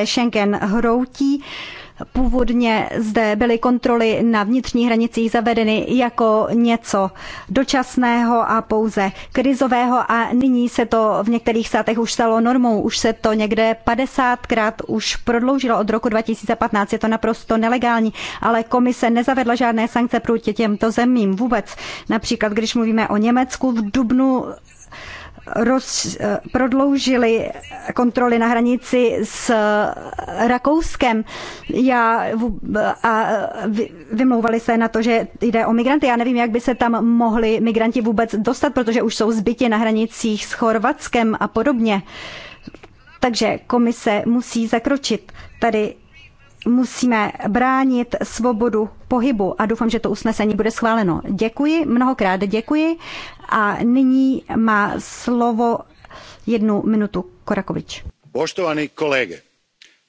se Schengen hroutí. Původně zde byly kontroly na vnitřních hranicích zavedeny jako něco dočasného a pouze krizového a nyní se to v některých státech už stalo normou. Už se to někde 50krát už prodloužilo od roku 2015. Je to naprosto nelegální, ale komise nezavedla žádné sankce proti těmto zemím vůbec. Například, když mluvíme o Německu, v Dubnu roz, eh, prodloužili kontroly na hranici s eh, Rakouskem já, a eh, vymlouvali se na to, že jde o migranty. Já nevím, jak by se tam mohli migranti vůbec dostat, protože už jsou zbytě na hranicích s Chorvatskem a podobně. Takže komise musí zakročit. Tady musíme bránit svobodu pohybu a doufám, že to usnesení bude schváleno. Děkuji, mnohokrát děkuji a nyní má slovo jednu minutu Korakovič. Poštovaní kolege,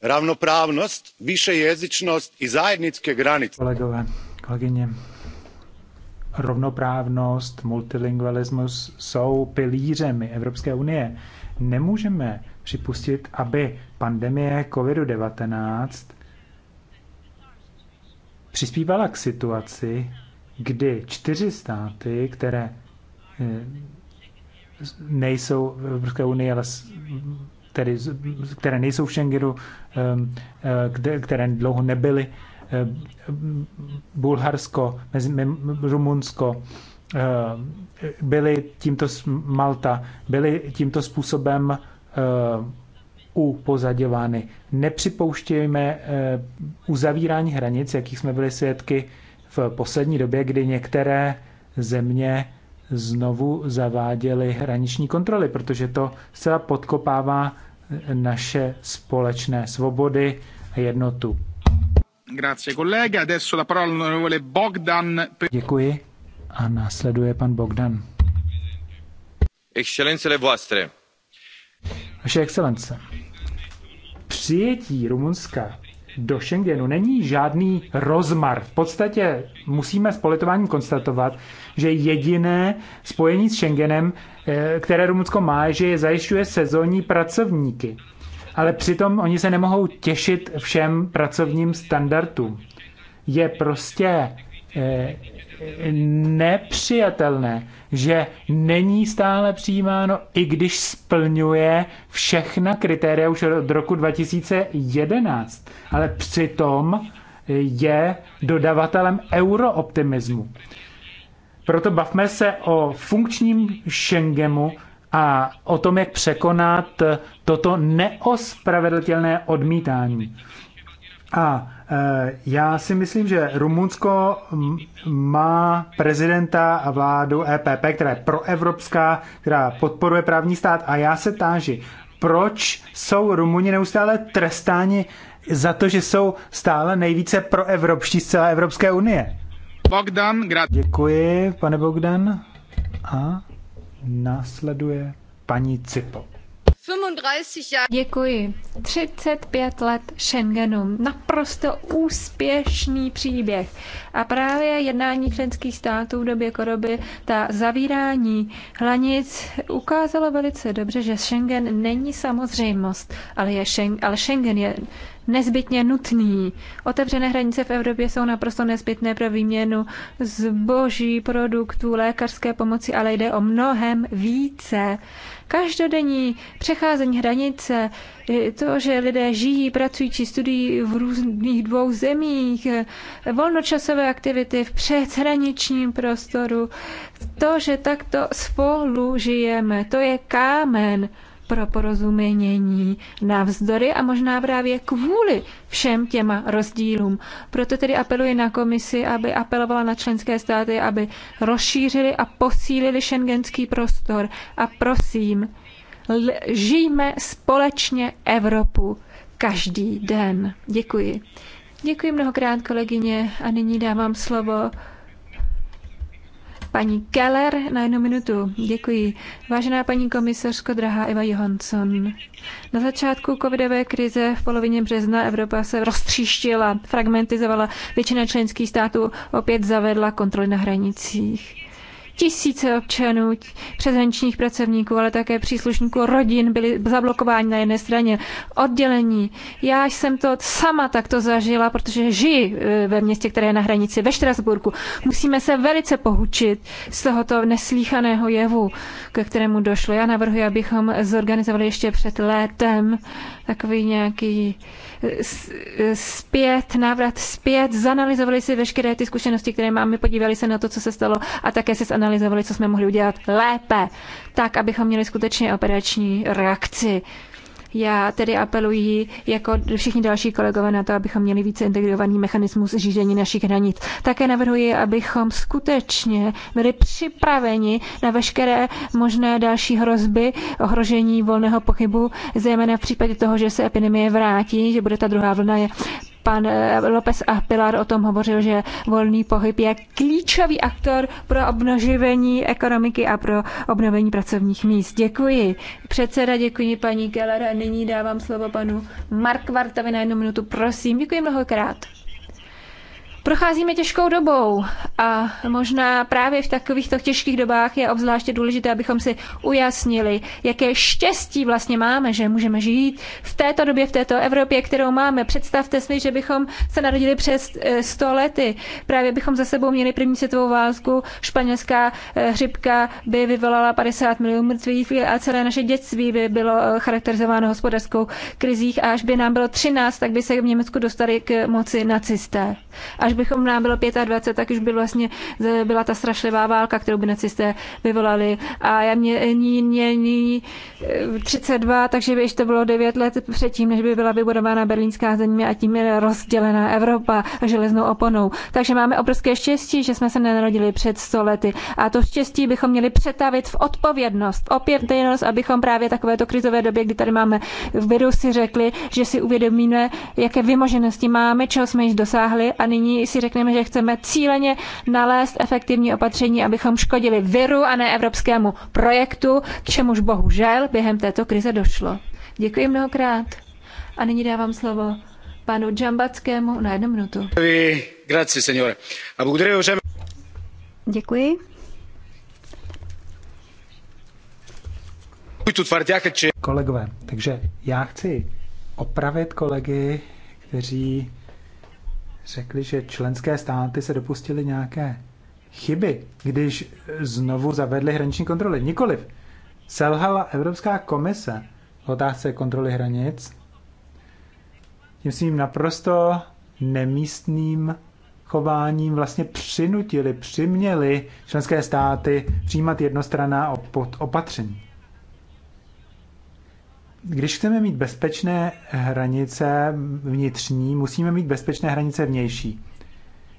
ravnoprávnost, vyšejezičnost i zajednické granice. Kolegové, kolegyně, rovnoprávnost, multilingualismus jsou pilířemi Evropské unie. Nemůžeme připustit, aby pandemie COVID-19 přispívala k situaci, kdy čtyři státy, které eh, nejsou v Evropské unii, ale tedy, které nejsou v Schengenu, ehm, eh, které dlouho nebyly, eh, Bulharsko, Rumunsko, byly tímto, Malta, byly tímto způsobem upozaděvány. Nepřipouštějme eh, uzavírání hranic, jakých jsme byli svědky v poslední době, kdy některé země znovu zaváděly hraniční kontroly, protože to zcela podkopává eh, naše společné svobody a jednotu. Grazie, kolega. Adesso la parola all'onorevole Bogdan. Děkuji. A následuje pan Bogdan. Excelențele voastre. Vaše excelence přijetí Rumunska do Schengenu není žádný rozmar. V podstatě musíme s politováním konstatovat, že jediné spojení s Schengenem, eh, které Rumunsko má, že je zajišťuje sezónní pracovníky. Ale přitom oni se nemohou těšit všem pracovním standardům. Je prostě eh, nepřijatelné, že není stále přijímáno, i když splňuje všechna kritéria už od roku 2011, ale přitom je dodavatelem eurooptimismu. Proto bavme se o funkčním Schengenu a o tom, jak překonat toto neospravedlitelné odmítání. A Eh, já si myslím, že Rumunsko má prezidenta a vládu EPP, která je proevropská, která podporuje právní stát a já se táži, proč jsou Rumuni neustále trestáni za to, že jsou stále nejvíce proevropští z celé Evropské unie? Bogdan, grat. Děkuji, pane Bogdan. A následuje paní Cipok. Děkuji. 35 let Schengenu. Naprosto úspěšný příběh. A právě jednání členských států v době koroby, ta zavírání hranic ukázalo velice dobře, že Schengen není samozřejmost, ale, je Schengen, ale Schengen je nezbytně nutný. Otevřené hranice v Evropě jsou naprosto nezbytné pro výměnu zboží, produktů, lékařské pomoci, ale jde o mnohem více. Každodenní přecházení hranice, to, že lidé žijí, pracují či studují v různých dvou zemích, volnočasové aktivity v přeshraničním prostoru, to, že takto spolu žijeme, to je kámen pro porozumění navzdory a možná právě kvůli všem těma rozdílům. Proto tedy apeluji na komisi, aby apelovala na členské státy, aby rozšířili a posílili šengenský prostor. A prosím, žijme společně Evropu každý den. Děkuji. Děkuji mnohokrát, kolegyně, a nyní dávám slovo Paní Keller na jednu minutu. Děkuji. Vážená paní komisařko, drahá Eva Johansson. Na začátku covidové krize v polovině března Evropa se roztříštila, fragmentizovala. Většina členských států opět zavedla kontroly na hranicích. Tisíce občanů, přezvenčních pracovníků, ale také příslušníků rodin byli zablokováni na jedné straně, oddělení. Já jsem to sama takto zažila, protože žiji e, ve městě, které je na hranici ve Štrasburku. Musíme se velice pohučit z tohoto neslíchaného jevu, ke kterému došlo. Já navrhuji, abychom zorganizovali ještě před létem takový nějaký e, e, zpět, návrat zpět, zanalizovali si veškeré ty zkušenosti, které máme, podívali se na to, co se stalo a také se zanalizovali analyzovali, co jsme mohli udělat lépe, tak, abychom měli skutečně operační reakci. Já tedy apeluji jako všichni další kolegové na to, abychom měli více integrovaný mechanismus řízení našich hranic. Také navrhuji, abychom skutečně byli připraveni na veškeré možné další hrozby ohrožení volného pochybu, zejména v případě toho, že se epidemie vrátí, že bude ta druhá vlna. Je Pan eh, López a Pilar o tom hovořil, že volný pohyb je klíčový aktor pro obnoživení ekonomiky a pro obnovení pracovních míst. Děkuji. Předseda, děkuji paní Keller a nyní dávám slovo panu Markvartovi na jednu minutu. Prosím, děkuji mnohokrát. Procházíme těžkou dobou a možná právě v takovýchto těžkých dobách je obzvláště důležité, abychom si ujasnili, jaké štěstí vlastně máme, že můžeme žít v této době, v této Evropě, kterou máme. Představte si, že bychom se narodili přes 100 e, lety. Právě bychom za sebou měli první světovou válku, španělská e, hřibka by vyvolala 50 milionů mrtvých a celé naše dětství by bylo e, charakterizováno hospodářskou krizí a až by nám bylo 13, tak by se v Německu dostali k moci nacisté. Až bychom nám bylo 25, tak už by vlastně byla ta strašlivá válka, kterou by nacisté vyvolali. A já mě ní ní, 32, eh, takže by ještě to bylo 9 let předtím, než by byla vybudována berlínská země a tím je rozdělená Evropa železnou oponou. Takže máme obrovské štěstí, že jsme se nenarodili před 100 lety. A to štěstí bychom měli přetavit v odpovědnost. Odpovědnost, abychom právě takovéto krizové době, kdy tady máme virusy, řekli, že si uvědomíme, jaké vymoženosti máme, čeho jsme již dosáhli a nyní si řekneme, že chceme cíleně nalézt efektivní opatření, abychom škodili viru a ne evropskému projektu, k čemuž bohužel během této krize došlo. Děkuji mnohokrát. A nyní dávám slovo panu Džambackému na jednu minutu. Děkuji. Kolegové, takže já chci opravit kolegy, kteří řekli, že členské státy se dopustily nějaké chyby, když znovu zavedly hraniční kontroly. Nikoliv. Selhala Evropská komise v otázce kontroly hranic tím svým naprosto nemístným chováním vlastně přinutili, přiměli členské státy přijímat jednostranná opatření. Když chceme mít bezpečné hranice vnitřní, musíme mít bezpečné hranice vnější.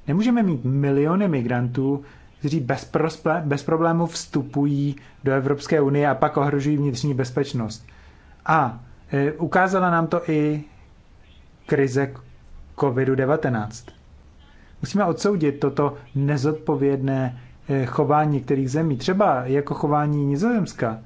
Nemůžeme mít miliony migrantů, kteří bez, prosple, bez problému vstupují do Evropské unie a pak ohrožují vnitřní bezpečnost. A e, ukázala nám to i krize COVID-19. Musíme odsoudit toto nezodpovědné e, chování některých zemí, třeba jako chování Nizozemska,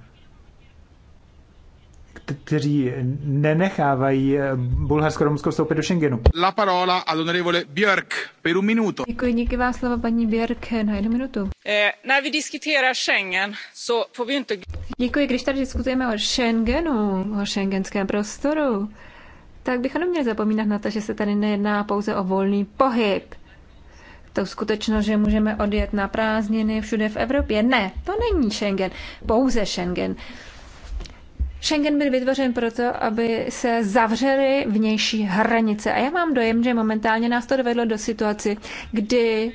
kteří nenechávají eh, Bulharsko Rumunsko vstoupit do Schengenu. La parola ad onorevole Björk per un minuto. Děkuji, díky vás slova paní Björk na jednu minutu. Eh, när vi diskuterar Schengen så får vi inte... Děkuji, když tady diskutujeme o Schengenu, o šengenském prostoru, tak bychom měl zapomínat na to, že se tady nejedná pouze o volný pohyb. To skutečnost, že můžeme odjet na prázdniny všude v Evropě. Ne, to není Schengen, pouze Schengen. Schengen byl vytvořen proto, aby se zavřely vnější hranice. A já mám dojem, že momentálně nás to dovedlo do situaci, kdy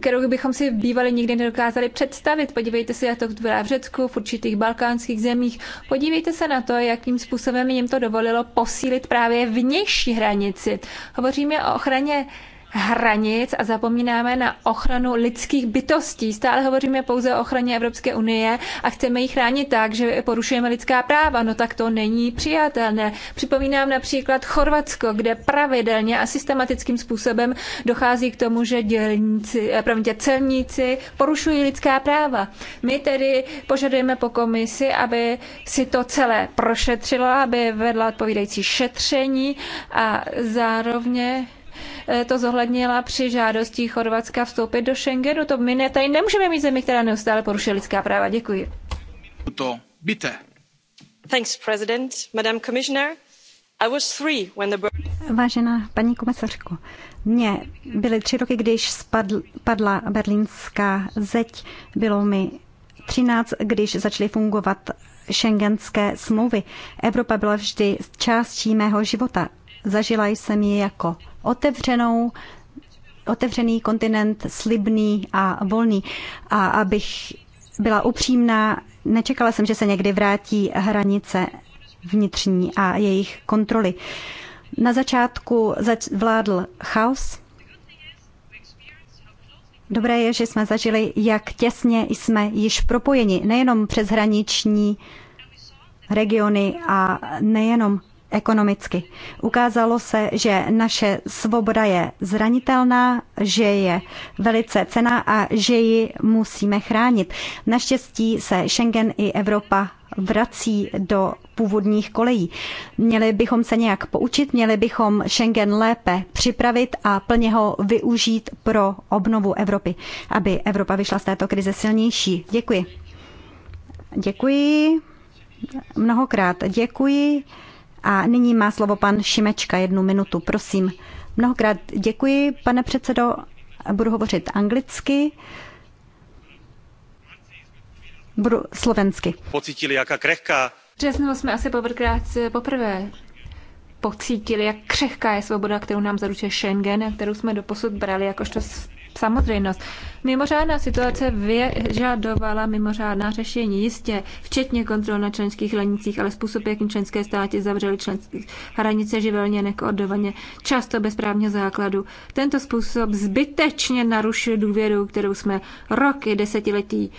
kterou bychom si bývali nikdy nedokázali představit. Podívejte se, jak to byla v Řecku, v určitých balkánských zemích. Podívejte se na to, jakým způsobem jim to dovolilo posílit právě vnější hranici. Hovoříme o ochraně hranic a zapomínáme na ochranu lidských bytostí. Stále hovoříme pouze o ochraně Evropské unie a chceme ji chránit tak, že porušujeme lidská práva. No tak to není přijatelné. Připomínám například Chorvatsko, kde pravidelně a systematickým způsobem dochází k tomu, že dělníci, eh, promiňte, celníci porušují lidská práva. My tedy požadujeme po komisi, aby si to celé prošetřila, aby vedla odpovídající šetření a zároveň Eh, to zohlednila při žádosti Chorvatska vstoupit do Schengenu. To my ne, tady nemůžeme mít zemi, která neustále porušuje lidská práva. Děkuji. To byte. Thanks, President, Madam Commissioner. I was three when the... Vážená paní komisařko, mně byly tři roky, když spadl, padla berlínská zeď. Bylo mi 13, když začaly fungovat šengenské smlouvy. Evropa byla vždy částí mého života. Zažila jsem ji jako otevřenou otevřený kontinent, slibný a volný. A abych byla upřímná, nečekala jsem, že se někdy vrátí hranice vnitřní a jejich kontroly. Na začátku zač- vládl chaos. Dobré je, že jsme zažili, jak těsně jsme již propojeni, nejenom přes hraniční regiony a nejenom ekonomicky. Ukázalo se, že naše svoboda je zranitelná, že je velice cená a že ji musíme chránit. Naštěstí se Schengen i Evropa vrací do původních kolejí. Měli bychom se nějak poučit, měli bychom Schengen lépe připravit a plně ho využít pro obnovu Evropy, aby Evropa vyšla z této krize silnější. Děkuji. Děkuji. Mnohokrát děkuji. A nyní má slovo pan Šimečka, jednu minutu, prosím. Mnohokrát děkuji, pane předsedo, budu hovořit anglicky. Budu slovensky. Pocítili, jaká krehká. Přesně jsme asi poprvkrát poprvé pocítili, jak křehká je svoboda, kterou nám zaručuje Schengen a kterou jsme doposud brali jakožto samozřejmost. Mimořádná situace vyžadovala mimořádná řešení, jistě, včetně kontrol na členských hranicích, ale způsob, jakým členské státy zavřely členské hranice živelně nekoordinovaně, často bez právního základu. Tento způsob zbytečně narušil důvěru, kterou jsme roky, desetiletí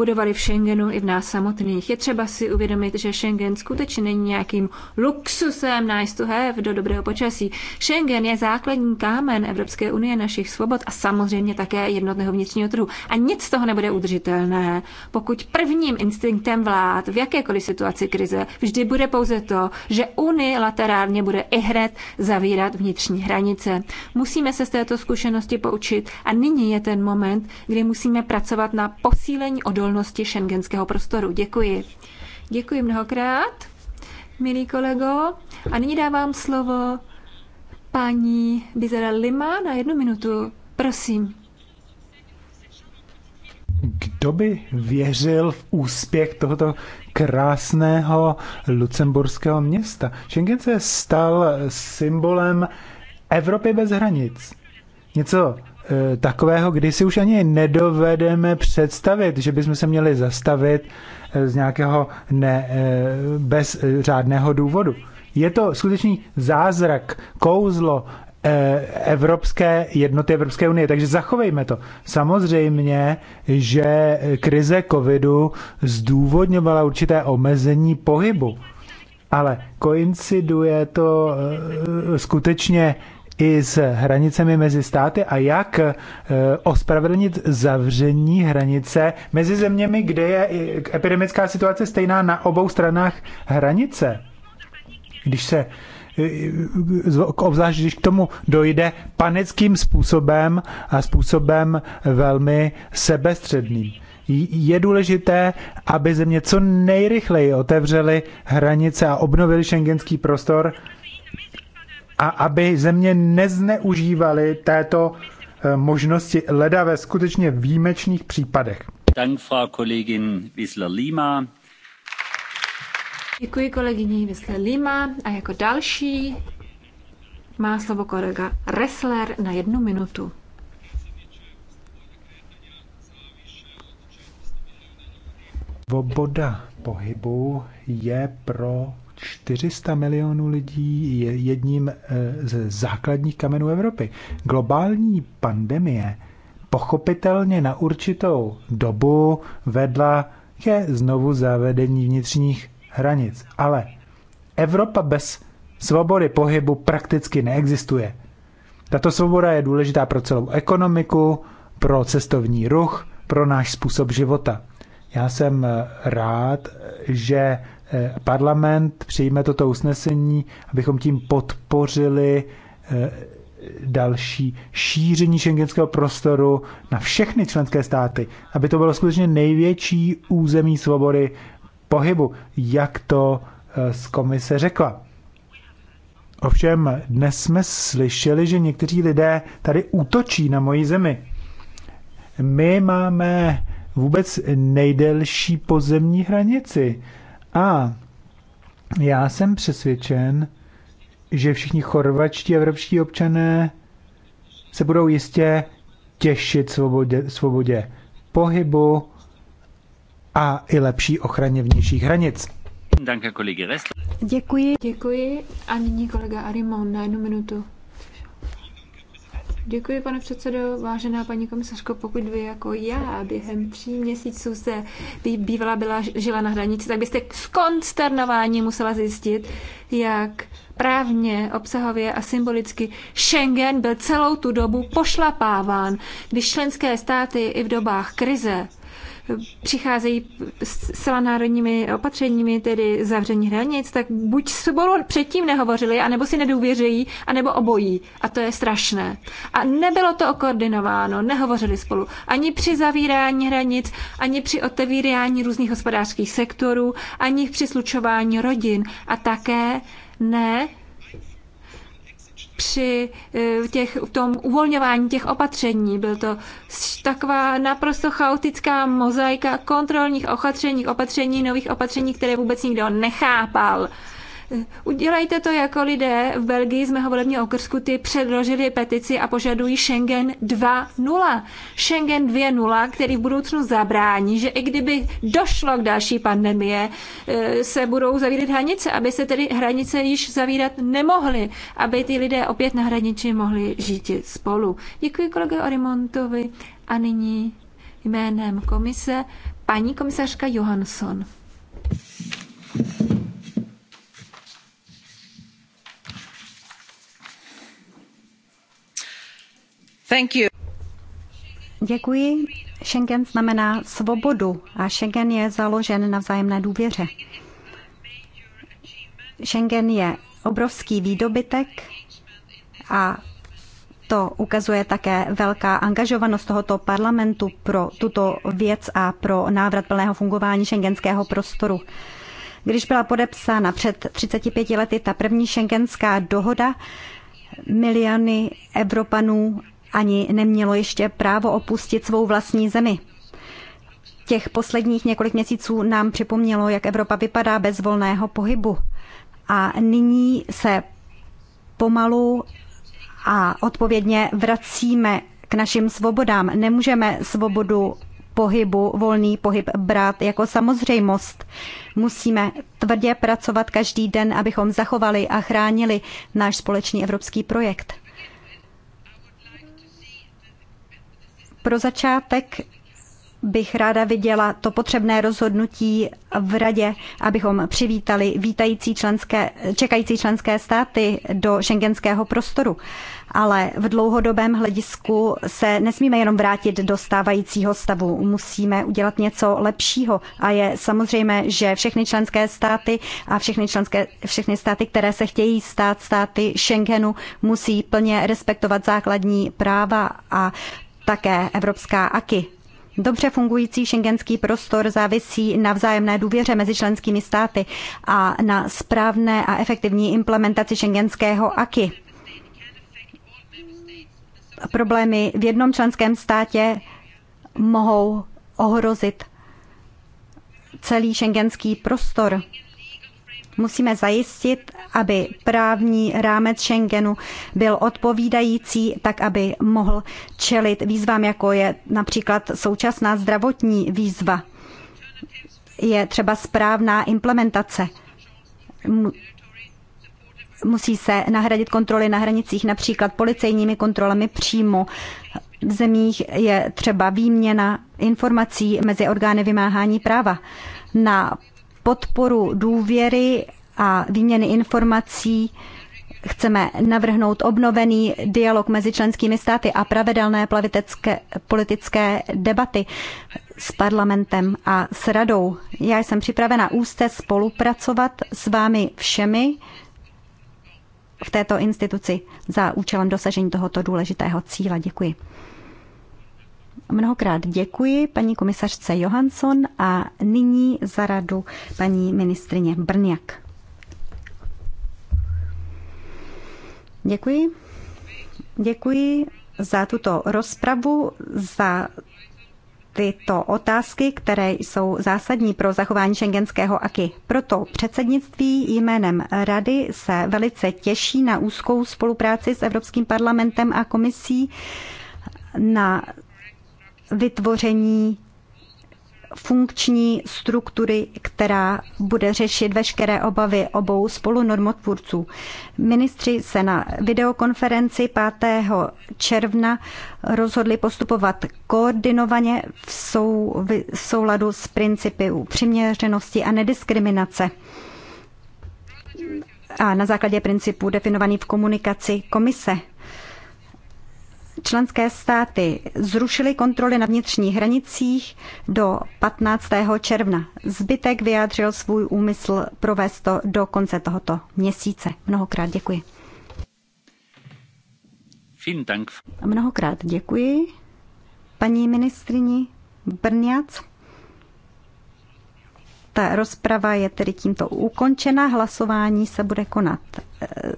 budovali v Schengenu i v nás samotných. Je třeba si uvědomit, že Schengen skutečně není nějakým luxusem nice to have do dobrého počasí. Schengen je základní kámen Evropské unie našich svobod a samozřejmě také jednotného vnitřního trhu. A nic z toho nebude udržitelné, pokud prvním instinktem vlád v jakékoliv situaci krize vždy bude pouze to, že unilaterálně bude i hned zavírat vnitřní hranice. Musíme se z této zkušenosti poučit a nyní je ten moment, kdy musíme pracovat na posílení odolnosti volnosti šengenského prostoru. Děkuji. Děkuji mnohokrát, milý kolego. A nyní dávám slovo paní Bizera Lima na jednu minutu. Prosím. Kdo by věřil v úspěch tohoto krásného lucemburského města? Schengen se stal symbolem Evropy bez hranic. Něco E, takového, kdy si už ani nedovedeme představit, že bychom se měli zastavit e, z nějakého ne, e, bez řádného důvodu. Je to skutečný zázrak, kouzlo evropské jednoty Evropské unie. Takže zachovejme to. Samozřejmě, že krize covidu zdůvodňovala určité omezení pohybu. Ale koinciduje to skutečně i s hranicemi mezi státy a jak eh, ospravedlnit zavření hranice mezi zeměmi, kde je epidemická situace stejná na obou stranách hranice. Když se eh, obzvlášť když k tomu dojde panickým způsobem a způsobem velmi sebestředným. Je důležité, aby země co nejrychleji otevřely hranice a obnovili šengenský prostor, a aby země nezneužívaly této eh, možnosti leda ve skutečně výjimečných případech. lima Děkuji kolegyni Vysle lima a jako další má slovo kolega Ressler na jednu minutu. Svoboda pohybu je pro 400 milionů lidí je jedním eh, ze základních kamenů Evropy. Globální pandemie pochopitelně na určitou dobu vedla ke znovu zavedení vnitřních hranic. Ale Evropa bez svobody pohybu prakticky neexistuje. Tato svoboda je důležitá pro celou ekonomiku, pro cestovní ruch, pro náš způsob života. Já jsem eh, rád, že Eh, parlament přijme toto usnesení, abychom tím podpořili eh, další šíření šengenského prostoru na všechny členské státy, aby to bylo skutečně největší území svobody pohybu, jak to eh, z komise řekla. Ovšem, dnes jsme slyšeli, že někteří lidé tady útočí na moji zemi. My máme vůbec nejdelší pozemní hranici a já jsem přesvědčen, že všichni chorvačtí evropští občané se budou jistě těšit svobodě, svobodě pohybu a i lepší ochraně vnějších hranic. Děkuji. Děkuji. A nyní kolega Arimon na jednu minutu. Děkuji, pane předsedo. Vážená paní komisařko, pokud vy jako já během tří měsíců se bývala byla žila na hranici, tak byste v konsternování musela zjistit, jak právně, obsahově a symbolicky Schengen byl celou tu dobu pošlapáván, když členské státy i v dobách krize přicházejí s národními opatřeními, tedy zavření hranic, tak buď sobou předtím nehovořili, anebo si nedůvěřují, anebo obojí. A to je strašné. A nebylo to okoordinováno, nehovořili spolu. Ani při zavírání hranic, ani při otevírání různých hospodářských sektorů, ani při slučování rodin. A také ne při eh, těch, tom uvolňování těch opatření. Byl to taková naprosto chaotická mozaika kontrolních opatření, opatření, nových opatření, které vůbec nikdo nechápal. Udělejte to jako lidé v Belgii z mého volebního okrsku, ty předložili petici a požadují Schengen 2.0. Schengen 2.0, který v budoucnu zabrání, že i kdyby došlo k další pandemie, eh, se budou zavírat hranice, aby se tedy hranice již zavírat nemohly, aby ty lidé opět na hranici mohli žít spolu. Děkuji kolege Orimontovi a nyní jménem komise paní komisařka Johansson. Thank you. Děkuji. Schengen znamená svobodu a Schengen je založen na vzájemné důvěře. Schengen je obrovský výdobytek a to ukazuje také velká angažovanost tohoto parlamentu pro tuto věc a pro návrat plného fungování šengenského prostoru. Když byla podepsána před 35 lety ta první šengenská dohoda, miliony Evropanů ani nemělo ještě právo opustit svou vlastní zemi. Těch posledních několik měsíců nám připomnělo, jak Evropa vypadá bez volného pohybu. A nyní se pomalu a odpovědně vracíme k našim svobodám. Nemůžeme svobodu pohybu, volný pohyb brát jako samozřejmost. Musíme tvrdě pracovat každý den, abychom zachovali a chránili náš společný evropský projekt. Pro začátek bych ráda viděla to potřebné rozhodnutí v radě, abychom přivítali vítající členské, čekající členské státy do šengenského prostoru. Ale v dlouhodobém hledisku se nesmíme jenom vrátit do stávajícího stavu. Musíme udělat něco lepšího. A je samozřejmé, že všechny členské státy a všechny, členské, všechny státy, které se chtějí stát státy Schengenu, musí plně respektovat základní práva a také Evropská AKI. Dobře fungující šengenský prostor závisí na vzájemné důvěře mezi členskými státy a na správné a efektivní implementaci šengenského AKI. Problémy v jednom členském státě mohou ohrozit celý šengenský prostor. Musíme zajistit, aby právní rámec Schengenu byl odpovídající, tak aby mohl čelit výzvám, jako je například současná zdravotní výzva. Je třeba správná implementace musí se nahradit kontroly na hranicích, například policejními kontrolami přímo. V zemích je třeba výměna informací mezi orgány vymáhání práva. Na podporu důvěry a výměny informací chceme navrhnout obnovený dialog mezi členskými státy a pravidelné politické debaty s parlamentem a s radou. Já jsem připravena úste spolupracovat s vámi všemi v této instituci za účelem dosažení tohoto důležitého cíle. Děkuji. Mnohokrát děkuji paní komisařce Johansson a nyní za radu paní ministrině Brňák. Děkuji. Děkuji za tuto rozpravu, za tyto otázky, které jsou zásadní pro zachování šengenského aky. Proto předsednictví jménem Rady se velice těší na úzkou spolupráci s Evropským parlamentem a komisí na vytvoření funkční struktury, která bude řešit veškeré obavy obou spolunormotvůrců. Ministři se na videokonferenci 5. června rozhodli postupovat koordinovaně v, sou, v souladu s principy přiměřenosti a nediskriminace a na základě principů definovaných v komunikaci komise. Členské státy zrušily kontroly na vnitřních hranicích do 15. června. Zbytek vyjádřil svůj úmysl provést to do konce tohoto měsíce. Mnohokrát děkuji. Mnohokrát děkuji paní ministrini Brňac. Ta rozprava je tedy tímto ukončena. Hlasování se bude konat eh,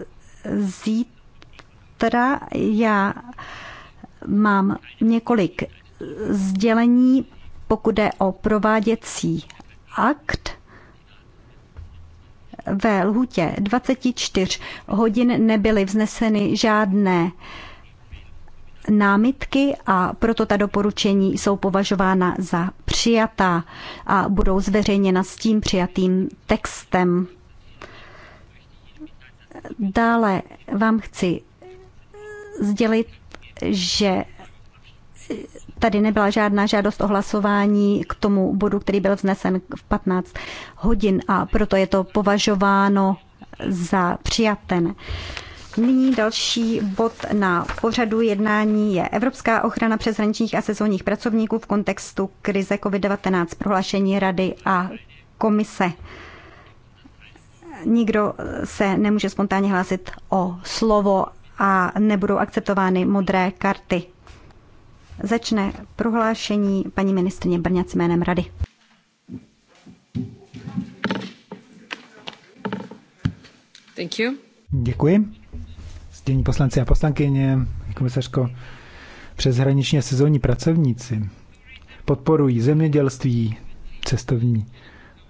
zítra. Já Mám několik sdělení, pokud jde o prováděcí akt ve lhutě 24 hodin nebyly vzneseny žádné námitky a proto ta doporučení jsou považována za přijatá a budou zveřejněna s tím přijatým textem. Dále vám chci sdělit že tady nebyla žádná žádost o hlasování k tomu bodu, který byl vznesen v 15 hodin a proto je to považováno za přijaten. Nyní další bod na pořadu jednání je Evropská ochrana přeshraničních a sezónních pracovníků v kontextu krize COVID-19, prohlášení Rady a komise. Nikdo se nemůže spontánně hlásit o slovo a nebudou akceptovány modré karty. Začne prohlášení paní ministrně Brňac jménem Rady. Thank you. Děkuji. Stění poslanci a poslankyně, komisařko, přeshraničně sezónní pracovníci podporují zemědělství, cestovní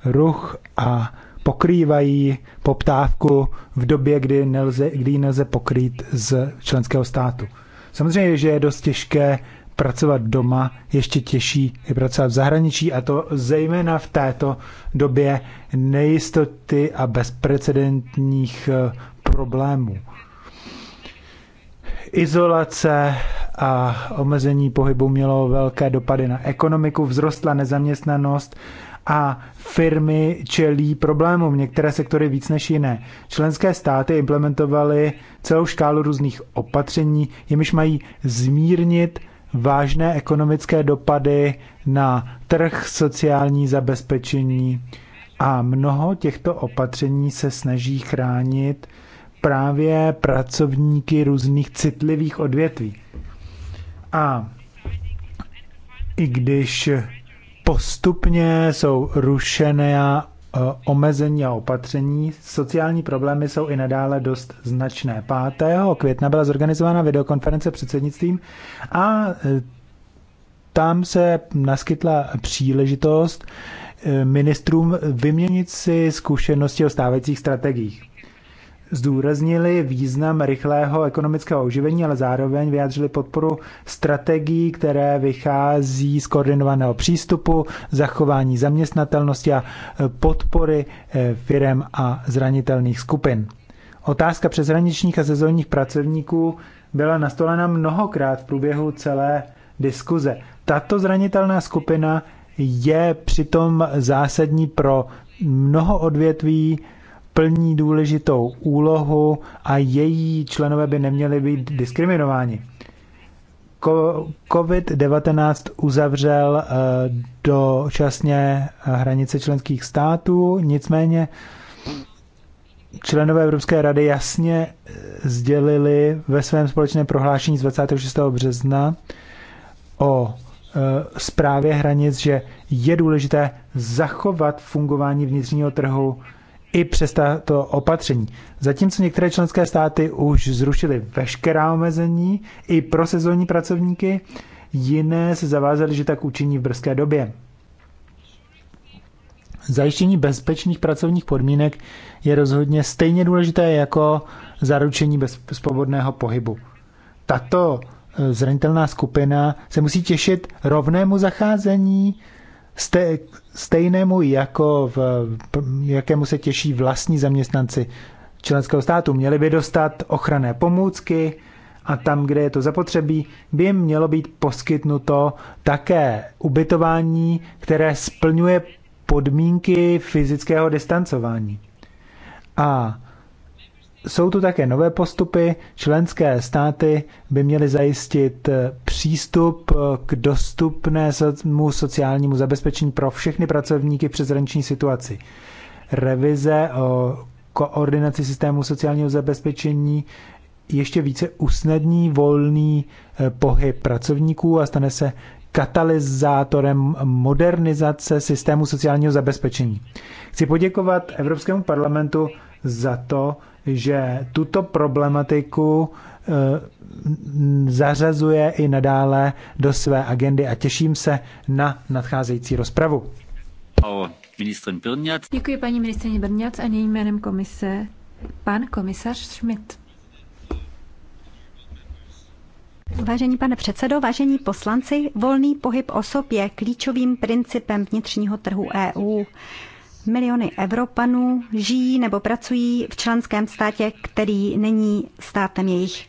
ruch a pokrývají poptávku v době, kdy, nelze, kdy ji nelze pokrýt z členského státu. Samozřejmě, že je dost těžké pracovat doma, ještě těžší je pracovat v zahraničí a to zejména v této době nejistoty a bezprecedentních eh, problémů. Izolace a omezení pohybu mělo velké dopady na ekonomiku, vzrostla nezaměstnanost a firmy čelí problémům, některé sektory víc než jiné. Členské státy implementovaly celou škálu různých opatření, jimiž mají zmírnit vážné ekonomické dopady na trh, sociální zabezpečení a mnoho těchto opatření se snaží chránit právě pracovníky různých citlivých odvětví. A i když postupně jsou rušené eh, omezení a opatření. Sociální problémy jsou i nadále dost značné. 5. května byla zorganizována videokonference předsednictvím a eh, tam se naskytla příležitost eh, ministrům vyměnit si zkušenosti o stávajících strategiích zdůraznili význam rychlého ekonomického oživení, ale zároveň vyjádřili podporu strategií, které vychází z koordinovaného přístupu, zachování zaměstnatelnosti a e, podpory e, firem a zranitelných skupin. Otázka přeshraničních a sezónních pracovníků byla nastolena mnohokrát v průběhu celé diskuze. Tato zranitelná skupina je přitom zásadní pro mnoho odvětví, plní důležitou úlohu a její členové by neměli být diskriminováni. COVID-19 uzavřel eh, dočasně eh, hranice členských států, nicméně členové Evropské rady jasně eh, sdělili ve svém společném prohlášení z 26. března o zprávě hranic, že je důležité zachovat fungování vnitřního trhu i přes to opatření. Zatímco některé členské státy už zrušily veškerá omezení i pro sezónní pracovníky, jiné se zavázaly, že tak učiní v brzké době. Zajištění bezpečných pracovních podmínek je rozhodně stejně důležité jako zaručení bezpovodného pohybu. Tato eh, zranitelná skupina se musí těšit rovnému zacházení stejnému, jako v, jakému se těší vlastní zaměstnanci členského státu. Měli by dostat ochranné pomůcky a tam, kde je to zapotřebí, by jim mělo být poskytnuto také ubytování, které splňuje podmínky fyzického distancování. A jsou tu také nové postupy. Členské státy by měly zajistit eh, přístup eh, k dostupnému sociálnímu zabezpečení pro všechny pracovníky v přezranční situaci. Revize o koordinaci systému sociálního zabezpečení ještě více usnadní volný eh, pohyb pracovníků a stane se katalyzátorem modernizace systému sociálního zabezpečení. Chci poděkovat Evropskému parlamentu za to, že tuto problematiku eh, zařazuje i nadále do své agendy a těším se na nadcházející rozpravu. Děkuji paní ministrině Brňac a jejím jménem komise pan komisař Schmidt. Vážený pane předsedo, vážení poslanci, volný pohyb osob je klíčovým principem vnitřního trhu EU. Miliony Evropanů žijí nebo pracují v členském státě, který není státem jejich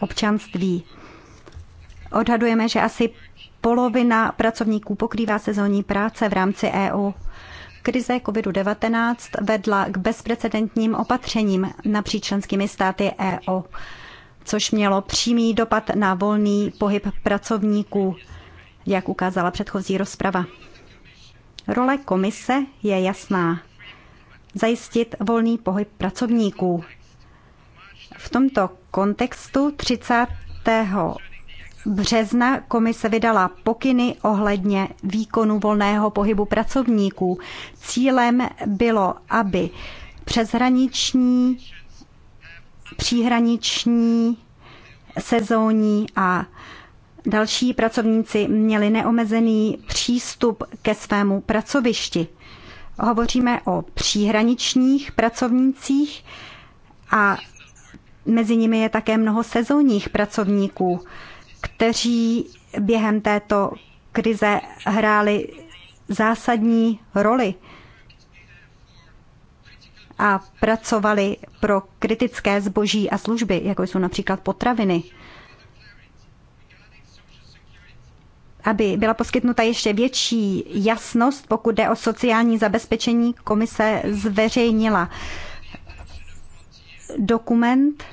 občanství. Odhadujeme, že asi polovina pracovníků pokrývá sezónní práce v rámci EU. Krize COVID-19 vedla k bezprecedentním opatřením napříč členskými státy EU, což mělo přímý dopad na volný pohyb pracovníků, jak ukázala předchozí rozprava. Role komise je jasná. Zajistit volný pohyb pracovníků. V tomto kontextu 30. března komise vydala pokyny ohledně výkonu volného pohybu pracovníků. Cílem bylo, aby přeshraniční, příhraniční, sezónní a další pracovníci měli neomezený přístup ke svému pracovišti. Hovoříme o příhraničních pracovnících a mezi nimi je také mnoho sezónních pracovníků, kteří během této krize hráli zásadní roli a pracovali pro kritické zboží a služby, jako jsou například potraviny. aby byla poskytnuta ještě větší jasnost, pokud jde o sociální zabezpečení, komise zveřejnila dokument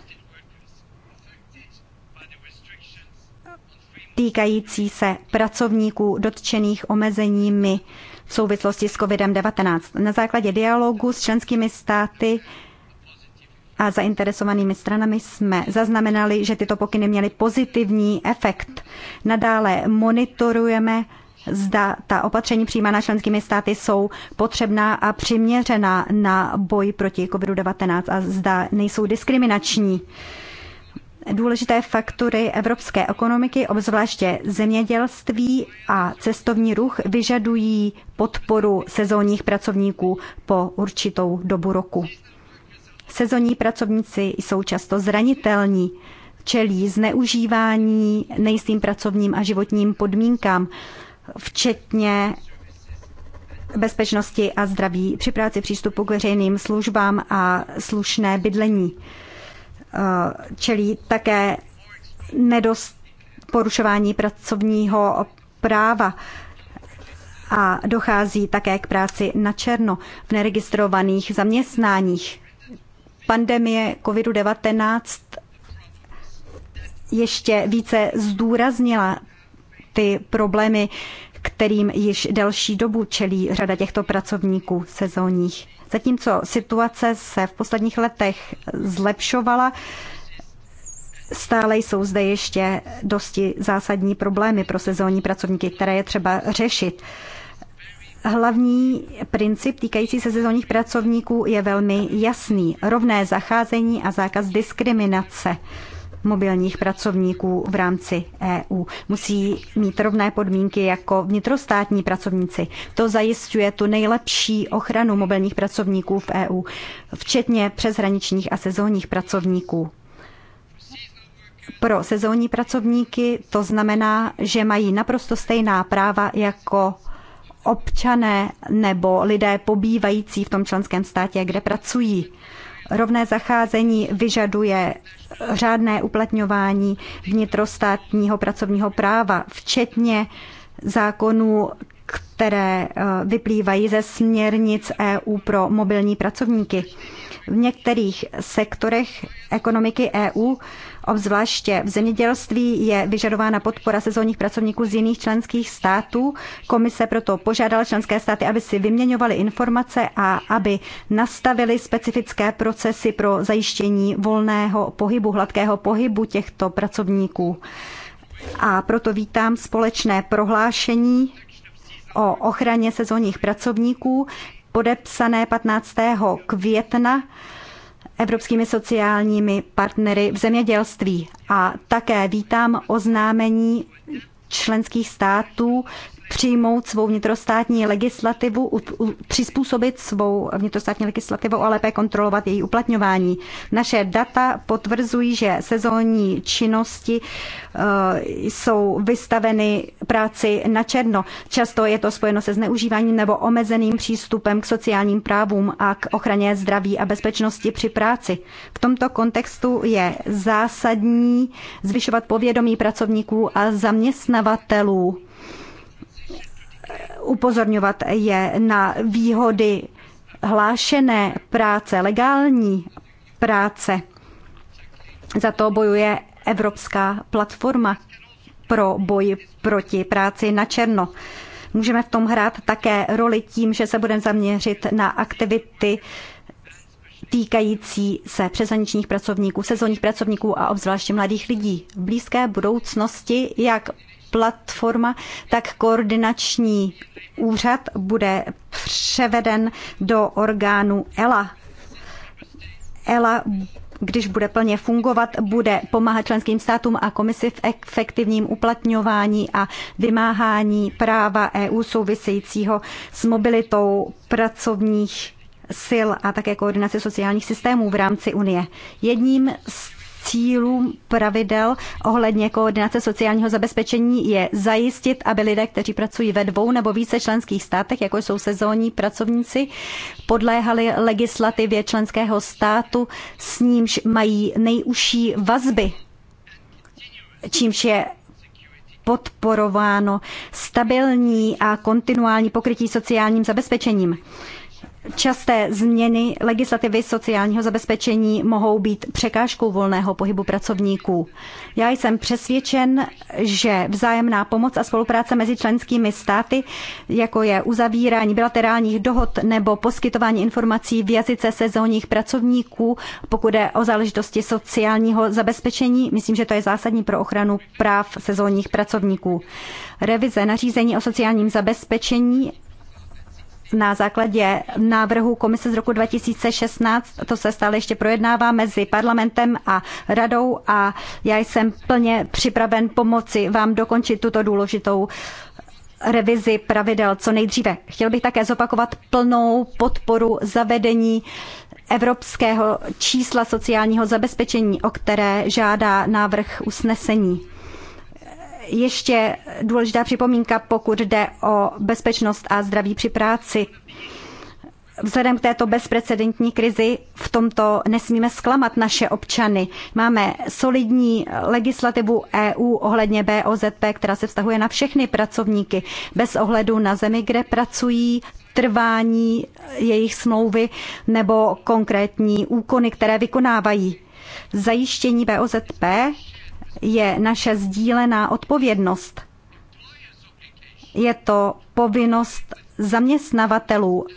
týkající se pracovníků dotčených omezeními v souvislosti s COVID-19. Na základě dialogu s členskými státy a zainteresovanými stranami jsme zaznamenali, že tyto pokyny měly pozitivní efekt. Nadále monitorujeme zda ta opatření přijímaná členskými státy jsou potřebná a přiměřená na boj proti COVID-19 a zda nejsou diskriminační. Důležité faktory evropské ekonomiky, obzvláště zemědělství a cestovní ruch, vyžadují podporu sezónních pracovníků po určitou dobu roku. Sezonní pracovníci jsou často zranitelní, čelí zneužívání nejistým pracovním a životním podmínkám, včetně bezpečnosti a zdraví při práci přístupu k veřejným službám a slušné bydlení. Eh, čelí také nedost porušování pracovního práva a dochází také k práci na černo v neregistrovaných zaměstnáních pandemie COVID-19 ještě více zdůraznila ty problémy, kterým již delší dobu čelí řada těchto pracovníků sezónních. Zatímco situace se v posledních letech zlepšovala, stále jsou zde ještě dosti zásadní problémy pro sezónní pracovníky, které je třeba řešit. Hlavní princip týkající se sezónních pracovníků je velmi jasný. Rovné zacházení a zákaz diskriminace mobilních pracovníků v rámci EU. Musí mít rovné podmínky jako vnitrostátní pracovníci. To zajistuje tu nejlepší ochranu mobilních pracovníků v EU, včetně přeshraničních a sezónních pracovníků. Pro sezónní pracovníky to znamená, že mají naprosto stejná práva jako občané nebo lidé pobývající v tom členském státě, kde pracují. Rovné zacházení vyžaduje řádné uplatňování vnitrostátního pracovního práva, včetně zákonů, které eh, vyplývají ze směrnic EU pro mobilní pracovníky. V některých sektorech ekonomiky EU Obzvláště v zemědělství je vyžadována podpora sezónních pracovníků z jiných členských států. Komise proto požádala členské státy, aby si vyměňovaly informace a aby nastavili specifické procesy pro zajištění volného pohybu, hladkého pohybu těchto pracovníků. A proto vítám společné prohlášení o ochraně sezónních pracovníků, podepsané 15. května evropskými sociálními partnery v zemědělství. A také vítám oznámení členských států přijmout svou vnitrostátní legislativu, přizpůsobit svou vnitrostátní legislativu a lépe kontrolovat její uplatňování. Naše data potvrzují, že sezónní činnosti eh, jsou vystaveny práci na černo. Často je to spojeno se zneužíváním nebo omezeným přístupem k sociálním právům a k ochraně zdraví a bezpečnosti při práci. V tomto kontextu je zásadní zvyšovat povědomí pracovníků a zaměstnavatelů upozorňovat je na výhody hlášené práce, legální práce. Za to bojuje Evropská platforma pro boj proti práci na černo. Můžeme v tom hrát také roli tím, že se budeme zaměřit na aktivity týkající se přeshraničních pracovníků, sezónních pracovníků a obzvláště mladých lidí. V blízké budoucnosti, jak platforma, tak koordinační úřad bude převeden do orgánu ELA. ELA když bude plně fungovat, bude pomáhat členským státům a komisi v efektivním uplatňování a vymáhání práva EU souvisejícího s mobilitou pracovních sil a také koordinaci sociálních systémů v rámci Unie. Jedním z cílům pravidel ohledně koordinace sociálního zabezpečení je zajistit, aby lidé, kteří pracují ve dvou nebo více členských státech, jako jsou sezónní pracovníci, podléhali legislativě členského státu, s nímž mají nejužší vazby, čímž je podporováno stabilní a kontinuální pokrytí sociálním zabezpečením. Časté změny legislativy sociálního zabezpečení mohou být překážkou volného pohybu pracovníků. Já jsem přesvědčen, že vzájemná pomoc a spolupráce mezi členskými státy, jako je uzavírání bilaterálních dohod nebo poskytování informací v jazyce sezónních pracovníků, pokud je o záležitosti sociálního zabezpečení, myslím, že to je zásadní pro ochranu práv sezónních pracovníků. Revize nařízení o sociálním zabezpečení na základě návrhu komise z roku 2016. To se stále ještě projednává mezi parlamentem a radou a já jsem plně připraven pomoci vám dokončit tuto důležitou revizi pravidel co nejdříve. Chtěl bych také zopakovat plnou podporu zavedení evropského čísla sociálního zabezpečení, o které žádá návrh usnesení ještě důležitá připomínka, pokud jde o bezpečnost a zdraví při práci. Vzhledem k této bezprecedentní krizi v tomto nesmíme zklamat naše občany. Máme solidní legislativu EU ohledně BOZP, která se vztahuje na všechny pracovníky, bez ohledu na zemi, kde pracují, trvání jejich smlouvy nebo konkrétní úkony, které vykonávají. Zajištění BOZP je naše sdílená odpovědnost. Je to povinnost zaměstnavatelů,